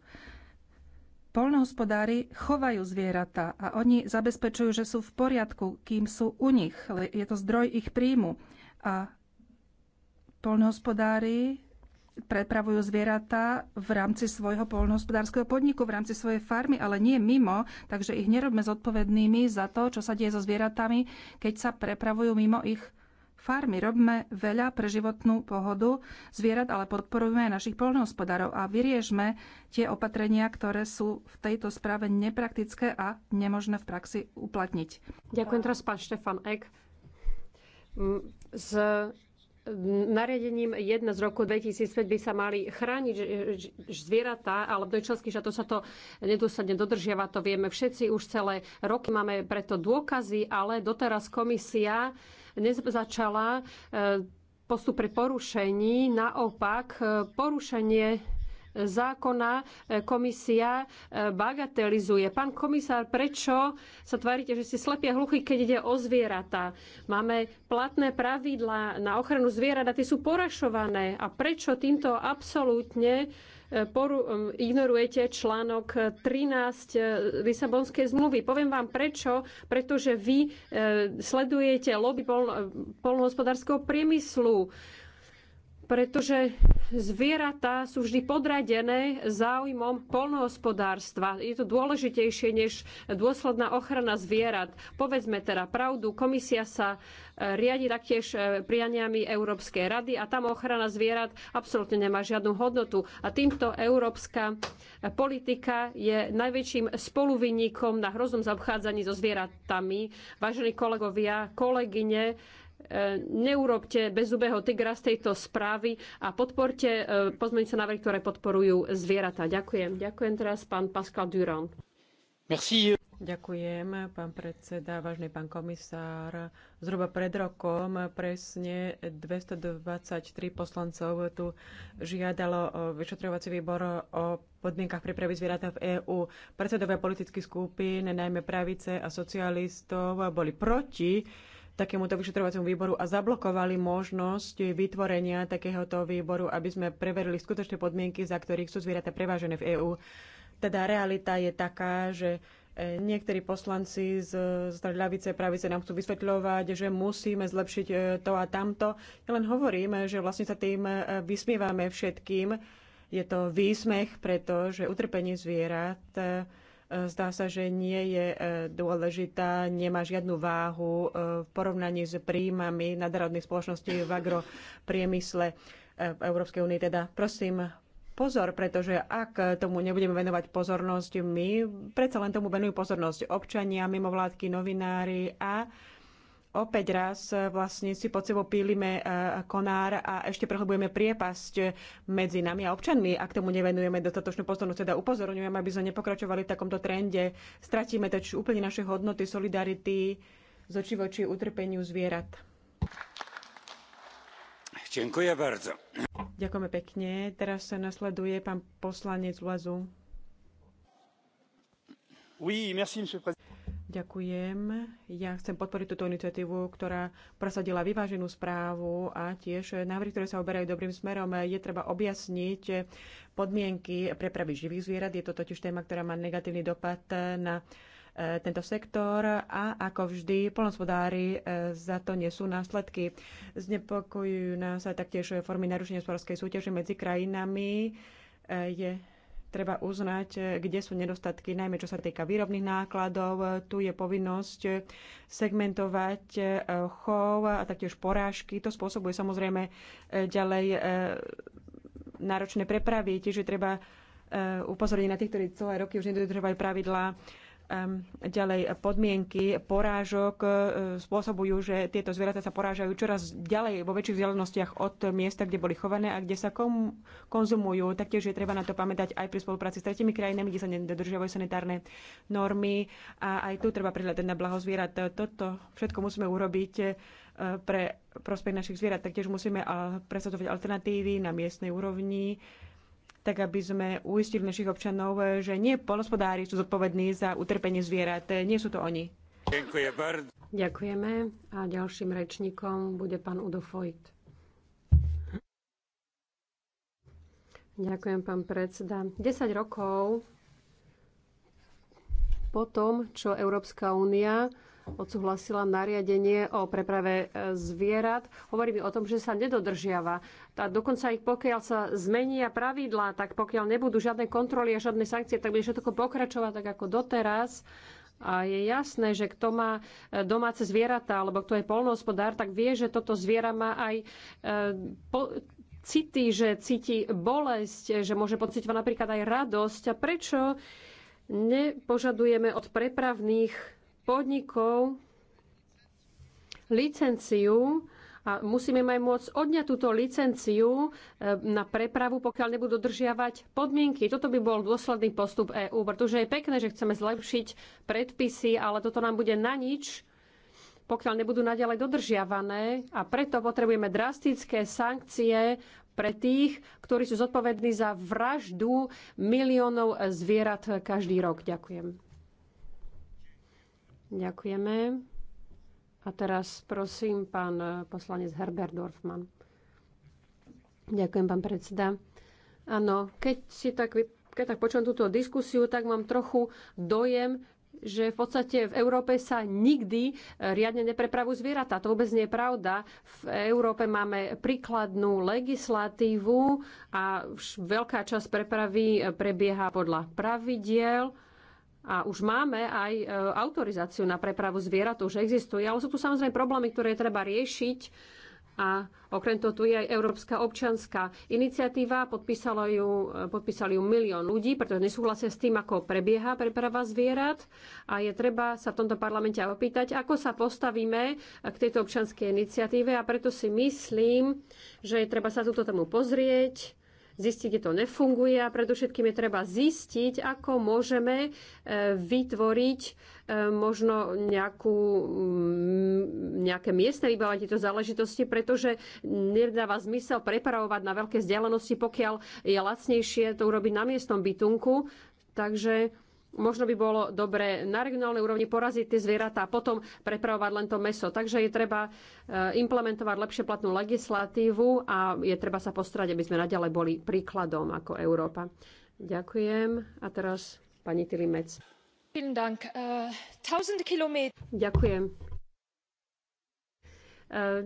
Polnohospodári chovajú zvieratá a oni zabezpečujú, že sú v poriadku, kým sú u nich. Je to zdroj ich príjmu. A polnohospodári prepravujú zvieratá v rámci svojho polnohospodárskeho podniku, v rámci svojej farmy, ale nie mimo, takže ich nerobme zodpovednými za to, čo sa deje so zvieratami, keď sa prepravujú mimo ich farmy. Robme veľa pre životnú pohodu zvierat, ale podporujme aj našich poľnohospodárov a vyriežme tie opatrenia, ktoré sú v tejto správe nepraktické a nemožné v praxi uplatniť. Ďakujem teraz pán Štefan Ek. Z nariadením 1 z roku 2005 by sa mali chrániť zvieratá, ale v dojčelských to sa to nedosadne dodržiava, to vieme všetci už celé roky, máme preto dôkazy, ale doteraz komisia nezačala eh, postup pri porušení. Naopak, eh, porušenie zákona eh, komisia bagatelizuje. Pán komisár, prečo sa tvárite, že ste slepia hluchy, keď ide o zvieratá? Máme platné pravidlá na ochranu zvierat a tie sú porašované. A prečo týmto absolútne poru, um, ignorujete článok 13 eh, Lisabonskej zmluvy. Poviem vám prečo, pretože vy eh, sledujete lobby pol, eh, polnohospodárskeho priemyslu, pretože zvieratá sú vždy podradené záujmom polnohospodárstva. Je to dôležitejšie než dôsledná ochrana zvierat. Povedzme teda pravdu, komisia sa e, riadi taktiež e, prianiami Európskej rady a tam ochrana zvierat absolútne nemá žiadnu hodnotu. A týmto európska e, politika je najväčším spoluvinníkom na hroznom zaobchádzaní so zvieratami. Vážení kolegovia, kolegyne, neurobte bezubého tygra z tejto správy a podporte e, pozmeňujúce návrhy, ktoré podporujú zvieratá. Ďakujem. Ďakujem teraz pán Pascal Durand. Merci. Ďakujem, pán predseda, vážny pán komisár. Zhruba pred rokom presne 223 poslancov tu žiadalo vyšetrovací výbor o podmienkach prípravy zvieratá v EÚ. Predsedové politických skupín, najmä pravice a socialistov, boli proti takémuto vyšetrovacomu výboru a zablokovali možnosť vytvorenia takéhoto výboru, aby sme preverili skutočné podmienky, za ktorých sú zvieratá prevážené v EÚ. Teda realita je taká, že e, niektorí poslanci z, z ľavice, pravice nám chcú vysvetľovať, že musíme zlepšiť e, to a tamto. Ja len hovorím, že vlastne sa tým e, vysmievame všetkým. Je to výsmech, pretože utrpenie zvierat zdá sa, že nie je e, dôležitá, nemá žiadnu váhu e, v porovnaní s príjmami nadrodných spoločností v agropriemysle e, v Európskej únii. Teda prosím, pozor, pretože ak tomu nebudeme venovať pozornosť my, predsa len tomu venujú pozornosť občania, mimovládky, novinári a opäť raz e, vlastne si pod sebou pílime e, konár a ešte prehlbujeme priepasť medzi nami a občanmi, ak tomu nevenujeme dostatočnú pozornosť. Teda upozorňujem, aby sme nepokračovali v takomto trende. Stratíme to úplne naše hodnoty, solidarity, z očí voči utrpeniu zvierat. Ďakujem bardzo. Ďakujeme pekne. Teraz sa nasleduje pán poslanec Lazu. Oui, merci, monsieur Ďakujem. Ja chcem podporiť túto iniciatívu, ktorá prosadila vyváženú správu a tiež návrhy, ktoré sa oberajú dobrým smerom. Je treba objasniť podmienky prepravy živých zvierat. Je to totiž téma, ktorá má negatívny dopad na e, tento sektor a ako vždy polnospodári e, za to nesú následky. Znepokojujú nás aj taktiež formy narušenia sporskej súťaže medzi krajinami. E, je treba uznať, e, kde sú nedostatky, najmä čo sa týka výrobných nákladov. E, tu je povinnosť e, segmentovať chov a taktiež porážky. To spôsobuje samozrejme ďalej náročné prepravy, tiež je treba upozorniť na tých, ktorí celé roky už nedodržovali pravidlá Ehm, ďalej eh, podmienky porážok eh, spôsobujú, že tieto zvieratá sa porážajú čoraz ďalej vo väčších vzdialenostiach od miesta, kde boli chované a kde sa kom- konzumujú. Taktiež je treba na to pamätať aj pri spolupráci s tretimi krajinami, kde sa nedodržiavajú sanitárne normy a aj tu treba prihľadať na blaho zvierat. Toto všetko musíme urobiť eh, pre prospech našich zvierat. Taktiež musíme presadzovať alternatívy na miestnej úrovni, tak aby sme uistili našich občanov, že nie polospodári sú zodpovední za utrpenie zvierat, nie sú to oni. Ďakujeme a ďalším rečníkom bude pán Udo Fojt. Ďakujem, pán predseda. 10 rokov po tom, čo Európska únia odsúhlasila nariadenie o preprave e, zvierat. Hovorí mi o tom, že sa nedodržiava. A dokonca ich pokiaľ sa zmenia pravidlá, tak pokiaľ nebudú žiadne kontroly a žiadne sankcie, tak bude všetko pokračovať tak ako doteraz. A je jasné, že kto má e, domáce zvieratá, alebo kto je polnohospodár, tak vie, že toto zviera má aj e, po, city, že cíti bolesť, že môže pocitovať napríklad aj radosť. A prečo nepožadujeme od prepravných podnikov licenciu a musíme im aj môcť odňať túto licenciu eh, na prepravu, pokiaľ nebudú dodržiavať podmienky. Toto by bol dôsledný postup EÚ, pretože je pekné, že chceme zlepšiť predpisy, ale toto nám bude na nič, pokiaľ nebudú naďalej dodržiavané a preto potrebujeme drastické sankcie pre tých, ktorí sú zodpovední za vraždu miliónov zvierat každý rok. Ďakujem. Ďakujeme. A teraz prosím pán poslanec Herbert Dorfman. Ďakujem, pán predseda. Áno, keď, si tak, keď tak počujem túto diskusiu, tak mám trochu dojem, že v podstate v Európe sa nikdy eh, riadne neprepravujú zvieratá. To vôbec nie je pravda. V Európe máme príkladnú legislatívu a veľká časť prepravy eh, prebieha podľa pravidiel a už máme aj e, autorizáciu na prepravu zvierat, už existuje, ale sú tu samozrejme problémy, ktoré treba riešiť. A okrem toho tu je aj Európska občanská iniciatíva, podpísalo ju, e, podpísali ju milión ľudí, pretože nesúhlasia s tým, ako prebieha preprava zvierat. A je treba sa v tomto parlamente opýtať, ako sa postavíme e, k tejto občanskej iniciatíve. A preto si myslím, že je treba sa túto tému pozrieť, zistiť, kde to nefunguje a predovšetkým je treba zistiť, ako môžeme e, vytvoriť e, možno nejakú, mm, nejaké miestne vybavenie tieto záležitosti, pretože nedáva zmysel prepravovať na veľké vzdialenosti, pokiaľ je lacnejšie to urobiť na miestnom bytunku. Takže možno by bolo dobre na regionálnej úrovni poraziť tie zvieratá a potom prepravovať len to meso. Takže je treba e, implementovať lepšie platnú legislatívu a je treba sa postrať, aby sme naďalej boli príkladom ako Európa. Ďakujem. A teraz pani Tilimec. Äh, Ďakujem. Äh,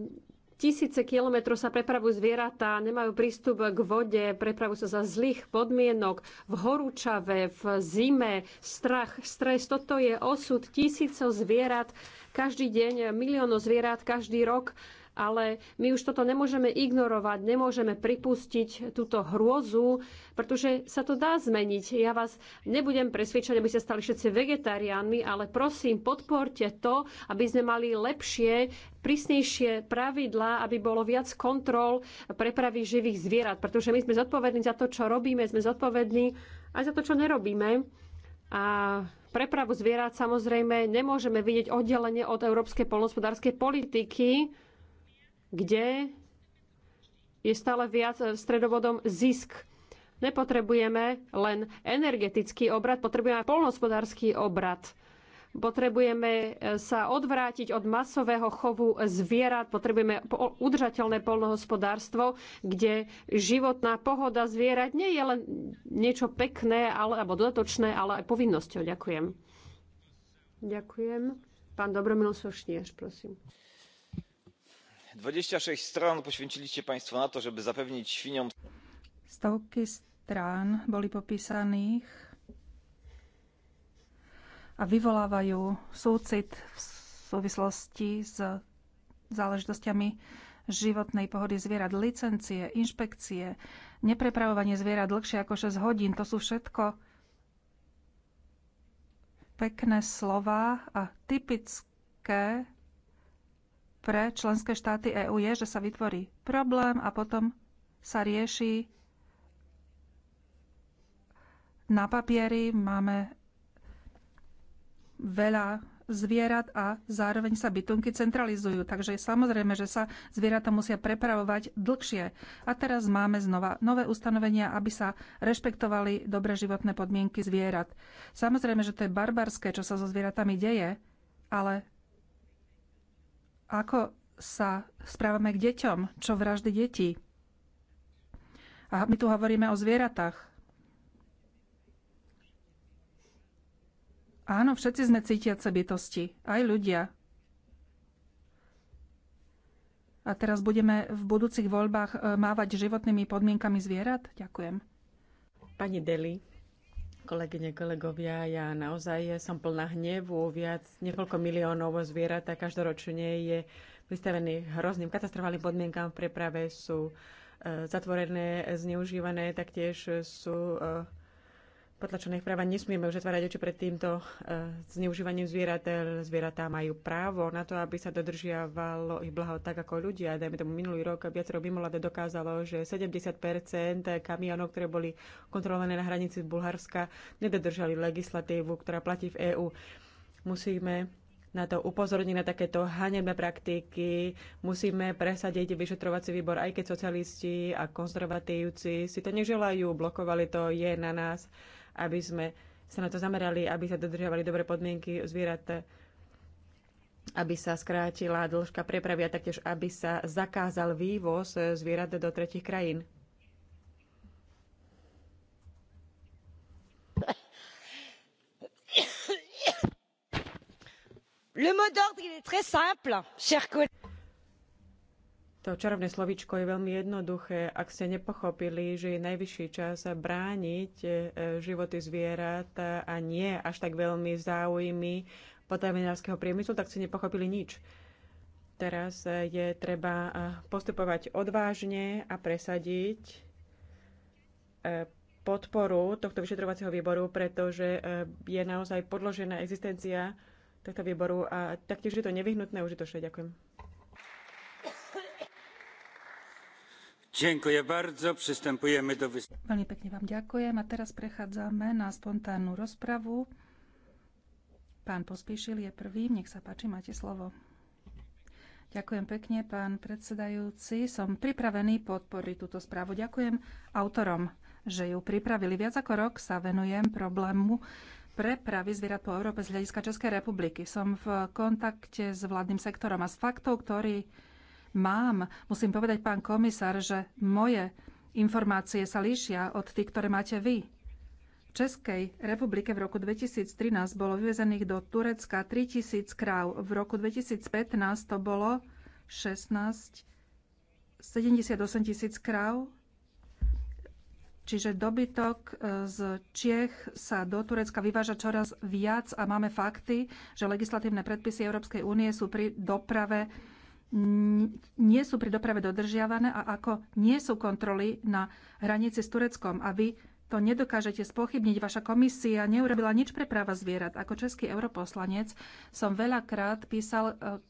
Tisíce kilometrov sa prepravujú zvieratá, nemajú prístup k vode, prepravujú sa za zlých podmienok, v horúčave, v zime, strach, stres. Toto je osud tisícov zvierat, každý deň miliónov zvierat, každý rok ale my už toto nemôžeme ignorovať, nemôžeme pripustiť túto hrôzu, pretože sa to dá zmeniť. Ja vás nebudem presvedčať, aby ste stali všetci vegetariánmi, ale prosím, podporte to, aby sme mali lepšie, prísnejšie pravidlá, aby bolo viac kontrol prepravy živých zvierat, pretože my sme zodpovední za to, čo robíme, sme zodpovední aj za to, čo nerobíme. A prepravu zvierat samozrejme nemôžeme vidieť oddelenie od európskej polnospodárskej politiky kde je stále viac e, stredobodom zisk. Nepotrebujeme len energetický obrad, potrebujeme aj polnospodársky obrad. Potrebujeme e, sa odvrátiť od masového chovu zvierat, potrebujeme udržateľné polnohospodárstvo, kde životná pohoda zvierat nie je len niečo pekné ale, alebo dodatočné, ale aj povinnosťou. Ďakujem. Ďakujem. Pán Dobromil Sošnieš, prosím dwadzieścia sześć stron poświęciliście państwo na to żeby zapewnić świniom. stovky strán boli popísaných a vyvolávajú súcit v súvislosti s záležitostiami životnej pohody zvierat, licencie, inšpekcie, neprepravovanie zvierat dlhšie ako 6 hodín. To sú všetko pekné slova a typické pre členské štáty EÚ je, že sa vytvorí problém a potom sa rieši na papieri. Máme veľa zvierat a zároveň sa bytunky centralizujú. Takže samozrejme, že sa zvieratá musia prepravovať dlhšie. A teraz máme znova nové ustanovenia, aby sa rešpektovali dobré životné podmienky zvierat. Samozrejme, že to je barbarské, čo sa so zvieratami deje, ale ako sa správame k deťom, čo vraždy detí. A my tu hovoríme o zvieratách. Áno, všetci sme cítiace bytosti, aj ľudia. A teraz budeme v budúcich voľbách eh, mávať životnými podmienkami zvierat? Ďakujem. Pani Deli. Kolegyne, kolegovia, ja naozaj som plná hnevu. Viac niekoľko miliónov zvierat a každoročne je vystavený hrozným katastrofálnym podmienkám v preprave. Sú e, zatvorené, zneužívané, taktiež sú e, potlačených práva nesmieme už zatvárať oči pred týmto e, zneužívaním zvierat. Zvieratá majú právo na to, aby sa dodržiavalo ich blaho tak ako ľudia. Dajme tomu minulý rok viacero mimovláde dokázalo, že 70 kamionov, ktoré boli kontrolované na hranici z Bulharska, nedodržali legislatívu, ktorá platí v EÚ. Musíme na to upozorniť na takéto hanebné praktiky. Musíme presadiť vyšetrovací výbor, aj keď socialisti a konzervatívci si to neželajú, blokovali to, je na nás aby sme sa na to zamerali, aby sa dodržiavali dobré podmienky zvierat, aby sa skrátila dĺžka prepravy a taktiež, aby sa zakázal vývoz zvierat do tretich krajín. Le mot d'ordre, il est très simple, chers collègues. To čarovné slovíčko je veľmi jednoduché. Ak ste nepochopili, že je najvyšší čas brániť e, životy zvierat a nie až tak veľmi záujmy potravinárskeho priemyslu, tak ste nepochopili nič. Teraz e, je treba e, postupovať odvážne a presadiť podporu tohto vyšetrovacieho výboru, pretože je naozaj podložená existencia tohto výboru a taktiež je to nevyhnutné užitočné. Ďakujem. Veľmi pekne vám ďakujem a teraz prechádzame na spontánnu rozpravu. Pán Pospíšil je prvý, nech sa páči, máte slovo. Ďakujem pekne, pán predsedajúci. Som pripravený podporiť túto správu. Ďakujem autorom, že ju pripravili. Viac ako rok sa venujem problému prepravy zvierat po Európe z hľadiska Českej republiky. Som v kontakte s vládnym sektorom a s faktov, ktorý mám. Musím povedať, pán komisár, že moje informácie sa líšia od tých, ktoré máte vy. V Českej republike v roku 2013 bolo vyvezených do Turecka 3000 kráv. V roku 2015 to bolo 16 78 tisíc kráv. Čiže dobytok e, z Čiech sa do Turecka vyváža čoraz viac a máme fakty, že legislatívne predpisy Európskej únie sú pri doprave nie sú pri doprave dodržiavané a ako nie sú kontroly na hranici s Tureckom. A vy to nedokážete spochybniť. Vaša komisia neurobila nič pre práva zvierat. Ako český europoslanec som veľakrát písal e,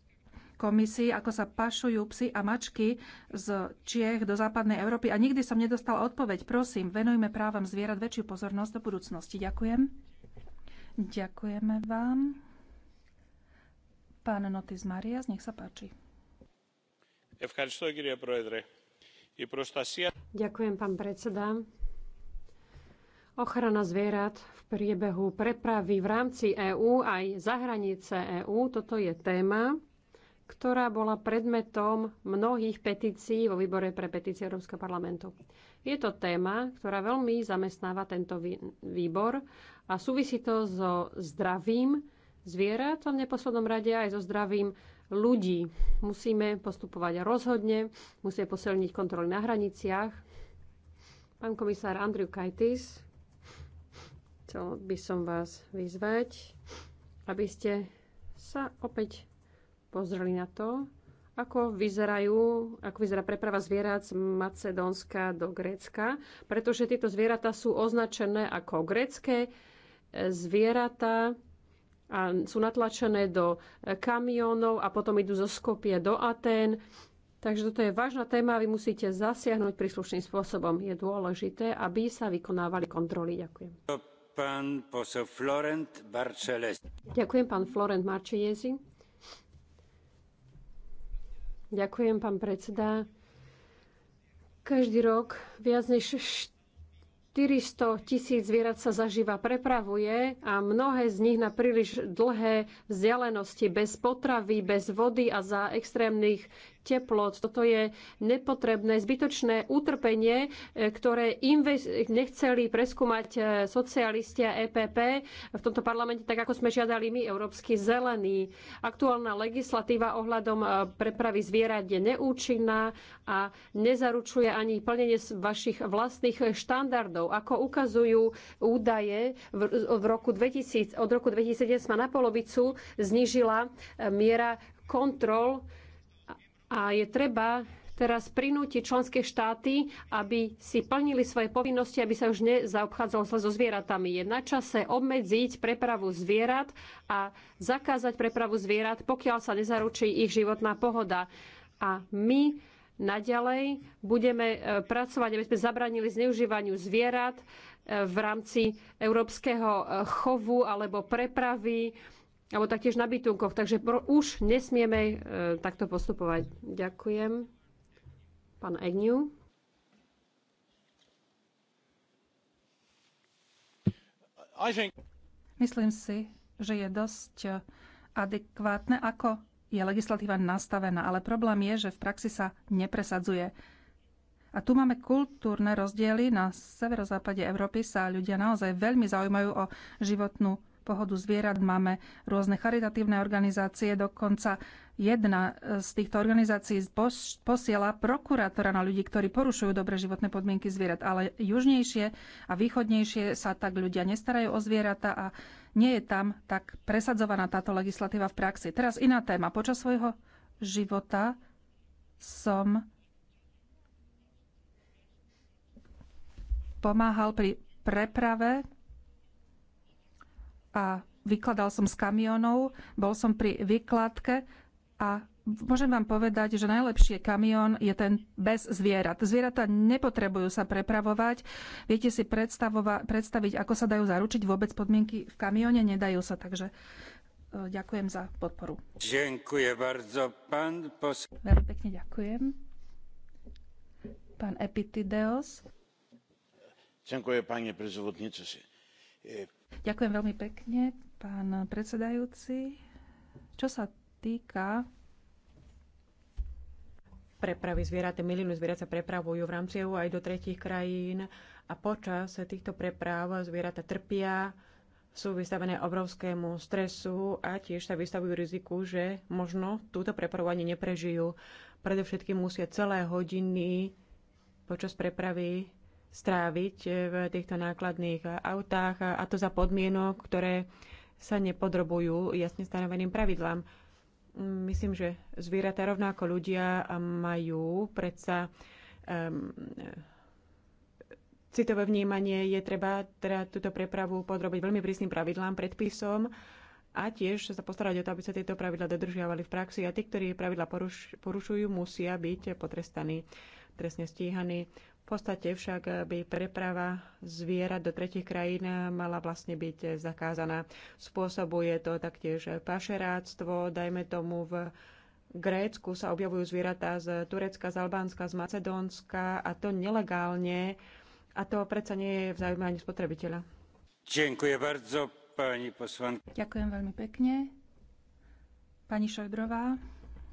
komisii, ako sa pašujú psy a mačky z Čiech do západnej Európy a nikdy som nedostal odpoveď. Prosím, venujme právam zvierat väčšiu pozornosť do budúcnosti. Ďakujem. Ďakujeme vám. Pán Notis Marias, nech sa páči. Ďakujem, predseda. Ochrana zvierat v priebehu prepravy v rámci EÚ aj za hranice EÚ, toto je téma, ktorá bola predmetom mnohých petícií vo výbore pre petície Európskeho parlamentu. Je to téma, ktorá veľmi zamestnáva tento výbor a súvisí to so zdravím zvierat a v neposlednom rade aj so zdravím ľudí. Musíme postupovať rozhodne, musíme posilniť kontroly na hraniciach. Pán komisár Andriu Kajtis, chcel by som vás vyzvať, aby ste sa opäť pozreli na to, ako, vyzerajú, ako vyzerá preprava zvierat z Macedónska do Grécka, pretože tieto zvieratá sú označené ako grécké zvieratá, a sú natlačené do e, kamionov a potom idú zo Skopie do Atén. Takže toto je vážna téma vy musíte zasiahnuť príslušným spôsobom. Je dôležité, aby sa vykonávali kontroly. Ďakujem. Pán Florent Barčelesi. Ďakujem, pán Florent Marčejezi. Ďakujem, pán predseda. Každý rok viac než 400 tisíc zvierat sa zaživa prepravuje a mnohé z nich na príliš dlhé vzdialenosti bez potravy, bez vody a za extrémnych teplot. Toto je nepotrebné, zbytočné utrpenie, e, ktoré nechceli preskúmať e, a EPP v tomto parlamente, tak ako sme žiadali my, Európsky zelený. Aktuálna legislatíva ohľadom e, prepravy zvierat je neúčinná a nezaručuje ani plnenie vašich vlastných štandardov. Ako ukazujú údaje, v roku 2000, od roku 2007 sa na polovicu znížila miera kontrol a je treba teraz prinútiť členské štáty, aby si plnili svoje povinnosti, aby sa už nezaobchádzalo so zvieratami. Je na čase obmedziť prepravu zvierat a zakázať prepravu zvierat, pokiaľ sa nezaručí ich životná pohoda. A my naďalej budeme e, pracovať, aby sme zabranili zneužívaniu zvierat e, v rámci európskeho e, chovu alebo prepravy alebo taktiež na bytunkoch. Takže už nesmieme e, takto postupovať. Ďakujem. Pán Egniu. Myslím si, že je dosť e, adekvátne, ako je legislatíva nastavená, ale problém je, že v praxi sa nepresadzuje. A tu máme kultúrne rozdiely. Na severozápade Európy sa ľudia naozaj veľmi zaujímajú o životnú pohodu zvierat, máme rôzne charitatívne organizácie, dokonca jedna z týchto organizácií posiela prokurátora na ľudí, ktorí porušujú dobre životné podmienky zvierat. Ale južnejšie a východnejšie sa tak ľudia nestarajú o zvieratá a nie je tam tak presadzovaná táto legislatíva v praxi. Teraz iná téma. Počas svojho života som pomáhal pri preprave a vykladal som z kamionov, bol som pri vykladke a môžem vám povedať, že najlepšie kamión je ten bez zvierat. Zvieratá nepotrebujú sa prepravovať. Viete si predstaviť, ako sa dajú zaručiť vôbec podmienky v kamióne? Nedajú sa, takže e, ďakujem za podporu. Ďakujem bardzo, pán pos... Veľmi pekne ďakujem. Pán Epitideos. Ďakujem, pani prezvodnice. E, Ďakujem veľmi pekne, pán predsedajúci. Čo sa týka prepravy zvierat, milinu zvierat sa prepravujú v rámci EU aj do tretich krajín a počas týchto preprav zvieratá trpia, sú vystavené obrovskému stresu a tiež sa vystavujú riziku, že možno túto prepravovanie neprežijú. Predovšetkým musia celé hodiny počas prepravy stráviť e, v týchto nákladných autách a to za podmienok, ktoré sa nepodrobujú jasne stanoveným pravidlám. Myslím, že zvieratá rovnako ľudia majú predsa um, citové vnímanie. Je treba teda túto prepravu podrobiť veľmi prísnym pravidlám, predpisom a tiež sa postarať o to, aby sa tieto pravidla dodržiavali v praxi a tí, ktorí pravidla poruš- porušujú, musia byť potrestaní, trestne stíhaní podstate však eh, by preprava zvierat do tretich krajín eh, mala vlastne byť eh, zakázaná. Spôsobuje to taktiež pašeráctvo, dajme tomu v Grécku sa objavujú zvieratá z Turecka, z Albánska, z Macedónska a to nelegálne a to predsa nie je v záujme ani spotrebiteľa. Ďakujem Ďakujem veľmi pekne. Pani Šojdrová.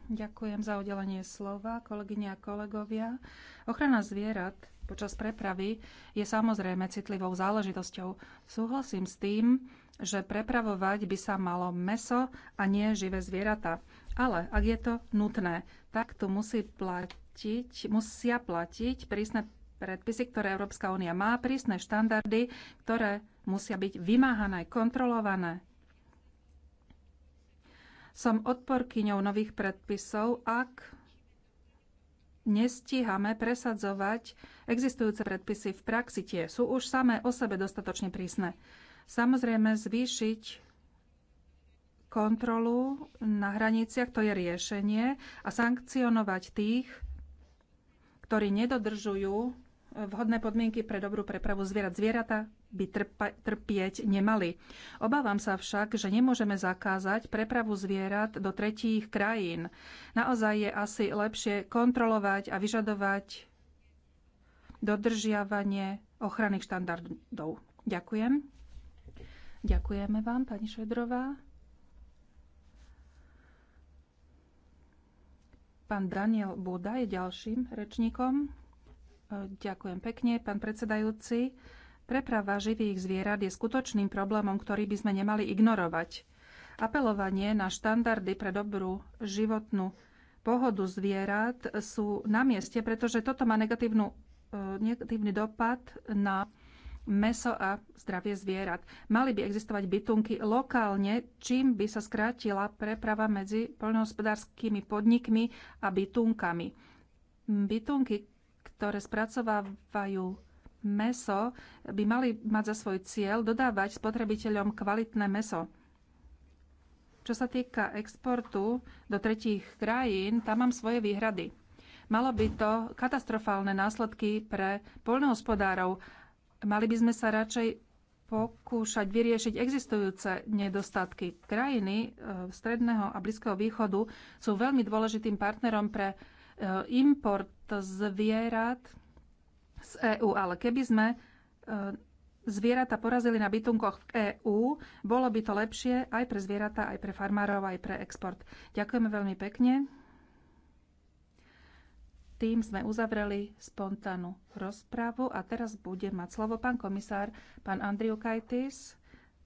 Ďakujem za udelenie slova, kolegyne a kolegovia. Ochrana zvierat počas prepravy je samozrejme citlivou záležitosťou. Súhlasím s tým, že prepravovať by sa malo meso a nie živé zvieratá. Ale ak je to nutné, tak tu musí platiť, musia platiť prísne predpisy, ktoré Európska únia má, prísne štandardy, ktoré musia byť vymáhané, kontrolované. Som odporkyňou nových predpisov, ak nestíhame presadzovať existujúce predpisy v praxi. Tie sú už samé o sebe dostatočne prísne. Samozrejme, zvýšiť kontrolu na hraniciach, to je riešenie, a sankcionovať tých, ktorí nedodržujú vhodné podmienky pre dobrú prepravu zvierat. Zvieratá by trpa, trpieť nemali. Obávam sa však, že nemôžeme zakázať prepravu zvierat do tretích krajín. Naozaj je asi lepšie kontrolovať a vyžadovať dodržiavanie ochranných štandardov. Ďakujem. Ďakujeme vám, pani Švedrová. Pán Daniel Buda je ďalším rečníkom. Ďakujem pekne, pán predsedajúci. Preprava živých zvierat je skutočným problémom, ktorý by sme nemali ignorovať. Apelovanie na štandardy pre dobrú životnú pohodu zvierat sú na mieste, pretože toto má negatívnu, e, negatívny dopad na meso a zdravie zvierat. Mali by existovať bytunky lokálne, čím by sa skrátila preprava medzi poľnohospodárskými podnikmi a bytunkami. Bytunky, ktoré spracovávajú meso, by mali mať za svoj cieľ dodávať spotrebiteľom kvalitné meso. Čo sa týka exportu do tretích krajín, tam mám svoje výhrady. Malo by to katastrofálne následky pre poľnohospodárov. Mali by sme sa radšej pokúšať vyriešiť existujúce nedostatky. Krajiny eh, Stredného a Blízkeho východu sú veľmi dôležitým partnerom pre E, import zvierat z EÚ. Ale keby sme e, zvieratá porazili na bytunkoch v EÚ, bolo by to lepšie aj pre zvieratá, aj pre farmárov, aj pre export. Ďakujeme veľmi pekne. Tým sme uzavreli spontánnu rozprávu a teraz bude mať slovo pán komisár, pán Andriu Kajtis.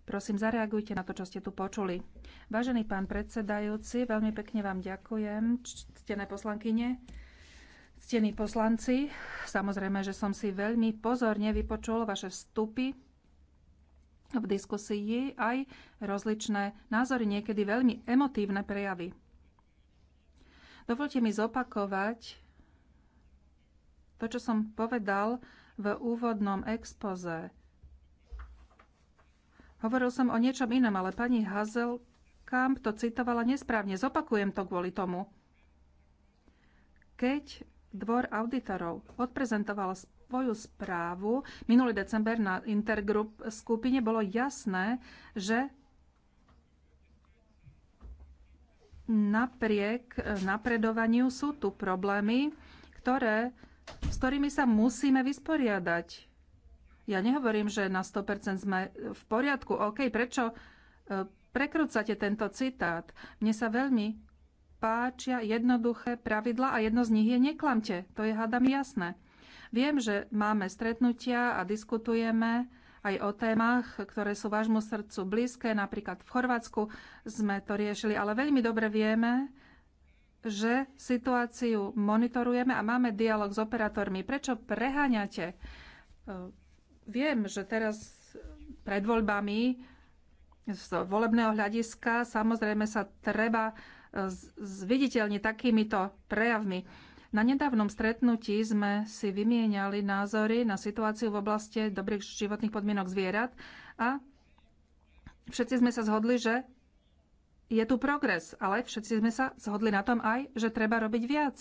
Prosím, zareagujte na to, čo ste tu počuli. Vážený pán predsedajúci, veľmi pekne vám ďakujem, ctené poslankyne, ctení poslanci. Samozrejme, že som si veľmi pozorne vypočul vaše vstupy v diskusii aj rozličné názory, niekedy veľmi emotívne prejavy. Dovolte mi zopakovať to, čo som povedal v úvodnom expoze. Hovoril som o niečom inom, ale pani Hazelkamp to citovala nesprávne. Zopakujem to kvôli tomu. Keď dvor auditorov odprezentoval svoju správu minulý december na Intergroup skupine, bolo jasné, že napriek napredovaniu sú tu problémy, ktoré, s ktorými sa musíme vysporiadať. Ja nehovorím, že na 100% sme v poriadku. OK, prečo e, prekrúcate tento citát? Mne sa veľmi páčia jednoduché pravidla a jedno z nich je neklamte. To je hádam jasné. Viem, že máme stretnutia a diskutujeme aj o témach, ktoré sú vášmu srdcu blízke. Napríklad v Chorvátsku sme to riešili, ale veľmi dobre vieme, že situáciu monitorujeme a máme dialog s operátormi. Prečo preháňate e, Viem, že teraz pred voľbami z volebného hľadiska samozrejme sa treba zviditeľne takýmito prejavmi. Na nedávnom stretnutí sme si vymieniali názory na situáciu v oblasti dobrých životných podmienok zvierat a všetci sme sa zhodli, že je tu progres, ale všetci sme sa zhodli na tom aj, že treba robiť viac.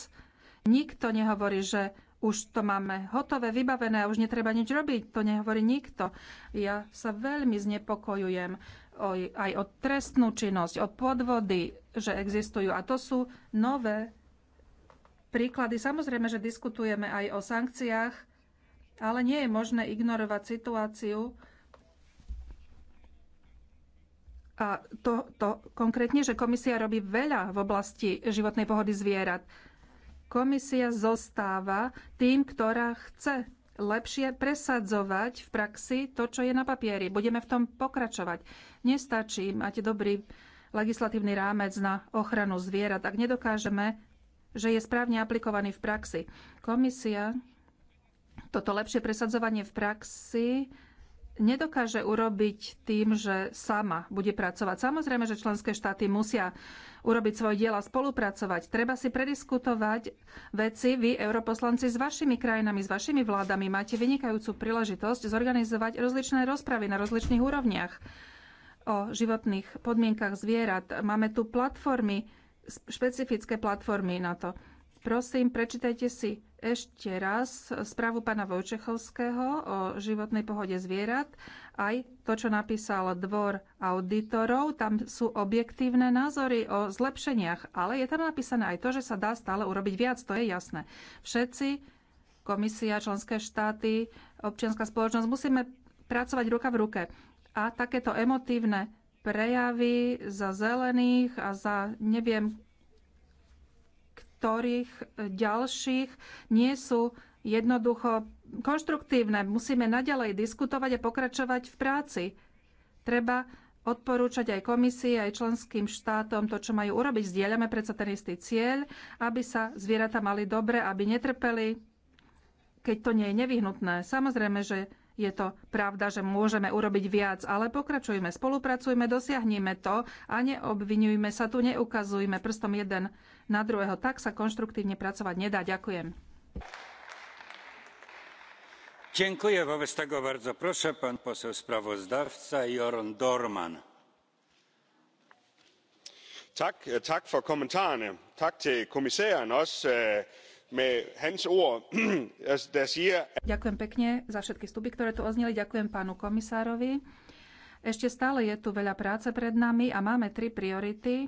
Nikto nehovorí, že už to máme hotové, vybavené a už netreba nič robiť. To nehovorí nikto. Ja sa veľmi znepokojujem aj o trestnú činnosť, o podvody, že existujú. A to sú nové príklady. Samozrejme, že diskutujeme aj o sankciách, ale nie je možné ignorovať situáciu a to, to konkrétne, že komisia robí veľa v oblasti životnej pohody zvierat. Komisia zostáva tým, ktorá chce lepšie presadzovať v praxi to, čo je na papieri. Budeme v tom pokračovať. Nestačí mať dobrý legislatívny rámec na ochranu zvierat, ak nedokážeme, že je správne aplikovaný v praxi. Komisia toto lepšie presadzovanie v praxi nedokáže urobiť tým, že sama bude pracovať. Samozrejme, že členské štáty musia urobiť svoje diela, spolupracovať. Treba si prediskutovať veci. Vy, europoslanci, s vašimi krajinami, s vašimi vládami máte vynikajúcu príležitosť zorganizovať rozličné rozpravy na rozličných úrovniach o životných podmienkach zvierat. Máme tu platformy, špecifické platformy na to. Prosím, prečítajte si ešte raz správu pána Vojčechovského o životnej pohode zvierat, aj to, čo napísal dvor auditorov. Tam sú objektívne názory o zlepšeniach, ale je tam napísané aj to, že sa dá stále urobiť viac, to je jasné. Všetci, komisia, členské štáty, občianská spoločnosť, musíme pracovať ruka v ruke. A takéto emotívne prejavy za zelených a za neviem ktorých e, ďalších nie sú jednoducho konštruktívne. Musíme naďalej diskutovať a pokračovať v práci. Treba odporúčať aj komisii, aj členským štátom to, čo majú urobiť. Zdieľame predsa ten istý cieľ, aby sa zvieratá mali dobre, aby netrpeli, keď to nie je nevyhnutné. Samozrejme, že je to pravda, že môžeme urobiť viac, ale pokračujme, spolupracujme, dosiahnime to a neobvinujme sa tu, neukazujme prstom jeden na druhého. Tak sa konštruktívne pracovať nedá. Ďakujem. Ďakujem vôbec tego bardzo proszę pán posel sprawozdawca Joron Dorman. Tak, tak for kommentarerne. Tak til kommissæren også øh, med hans ord, der siger... Ďakujem pekne za všetky stupy, ktoré tu oznili. Ďakujem pánu komisárovi. Ešte stále je tu veľa práce pred nami a máme tri priority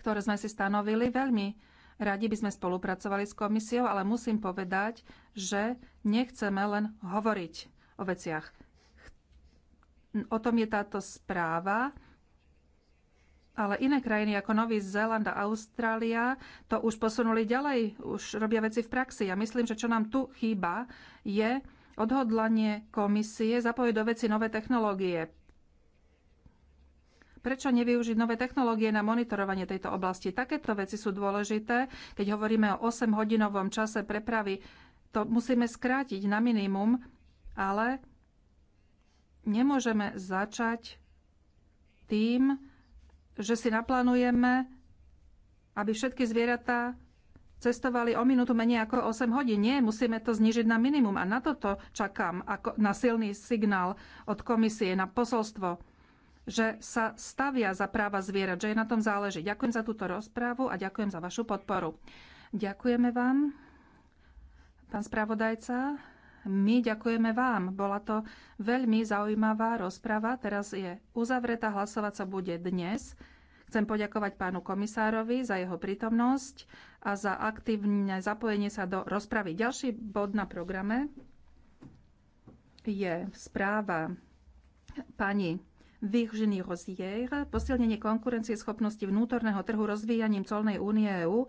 ktoré sme si stanovili. Veľmi radi by sme spolupracovali s komisiou, ale musím povedať, že nechceme len hovoriť o veciach. O tom je táto správa, ale iné krajiny ako Nový Zéland a Austrália to už posunuli ďalej, už robia veci v praxi. Ja myslím, že čo nám tu chýba, je odhodlanie komisie zapojiť do veci nové technológie, Prečo nevyužiť nové technológie na monitorovanie tejto oblasti? Takéto veci sú dôležité. Keď hovoríme o 8-hodinovom čase prepravy, to musíme skrátiť na minimum, ale nemôžeme začať tým, že si naplánujeme, aby všetky zvieratá cestovali o minútu menej ako 8 hodín. Nie, musíme to znižiť na minimum. A na toto čakám, ako na silný signál od komisie, na posolstvo že sa stavia za práva zvierat, že je na tom záleží. Ďakujem za túto rozprávu a ďakujem za vašu podporu. Ďakujeme vám, pán spravodajca. My ďakujeme vám. Bola to veľmi zaujímavá rozprava. Teraz je uzavretá, hlasovať sa bude dnes. Chcem poďakovať pánu komisárovi za jeho prítomnosť a za aktívne zapojenie sa do rozpravy. Ďalší bod na programe je správa pani Virginie Rozier, posilnenie konkurencieschopnosti vnútorného trhu rozvíjaním colnej únie EÚ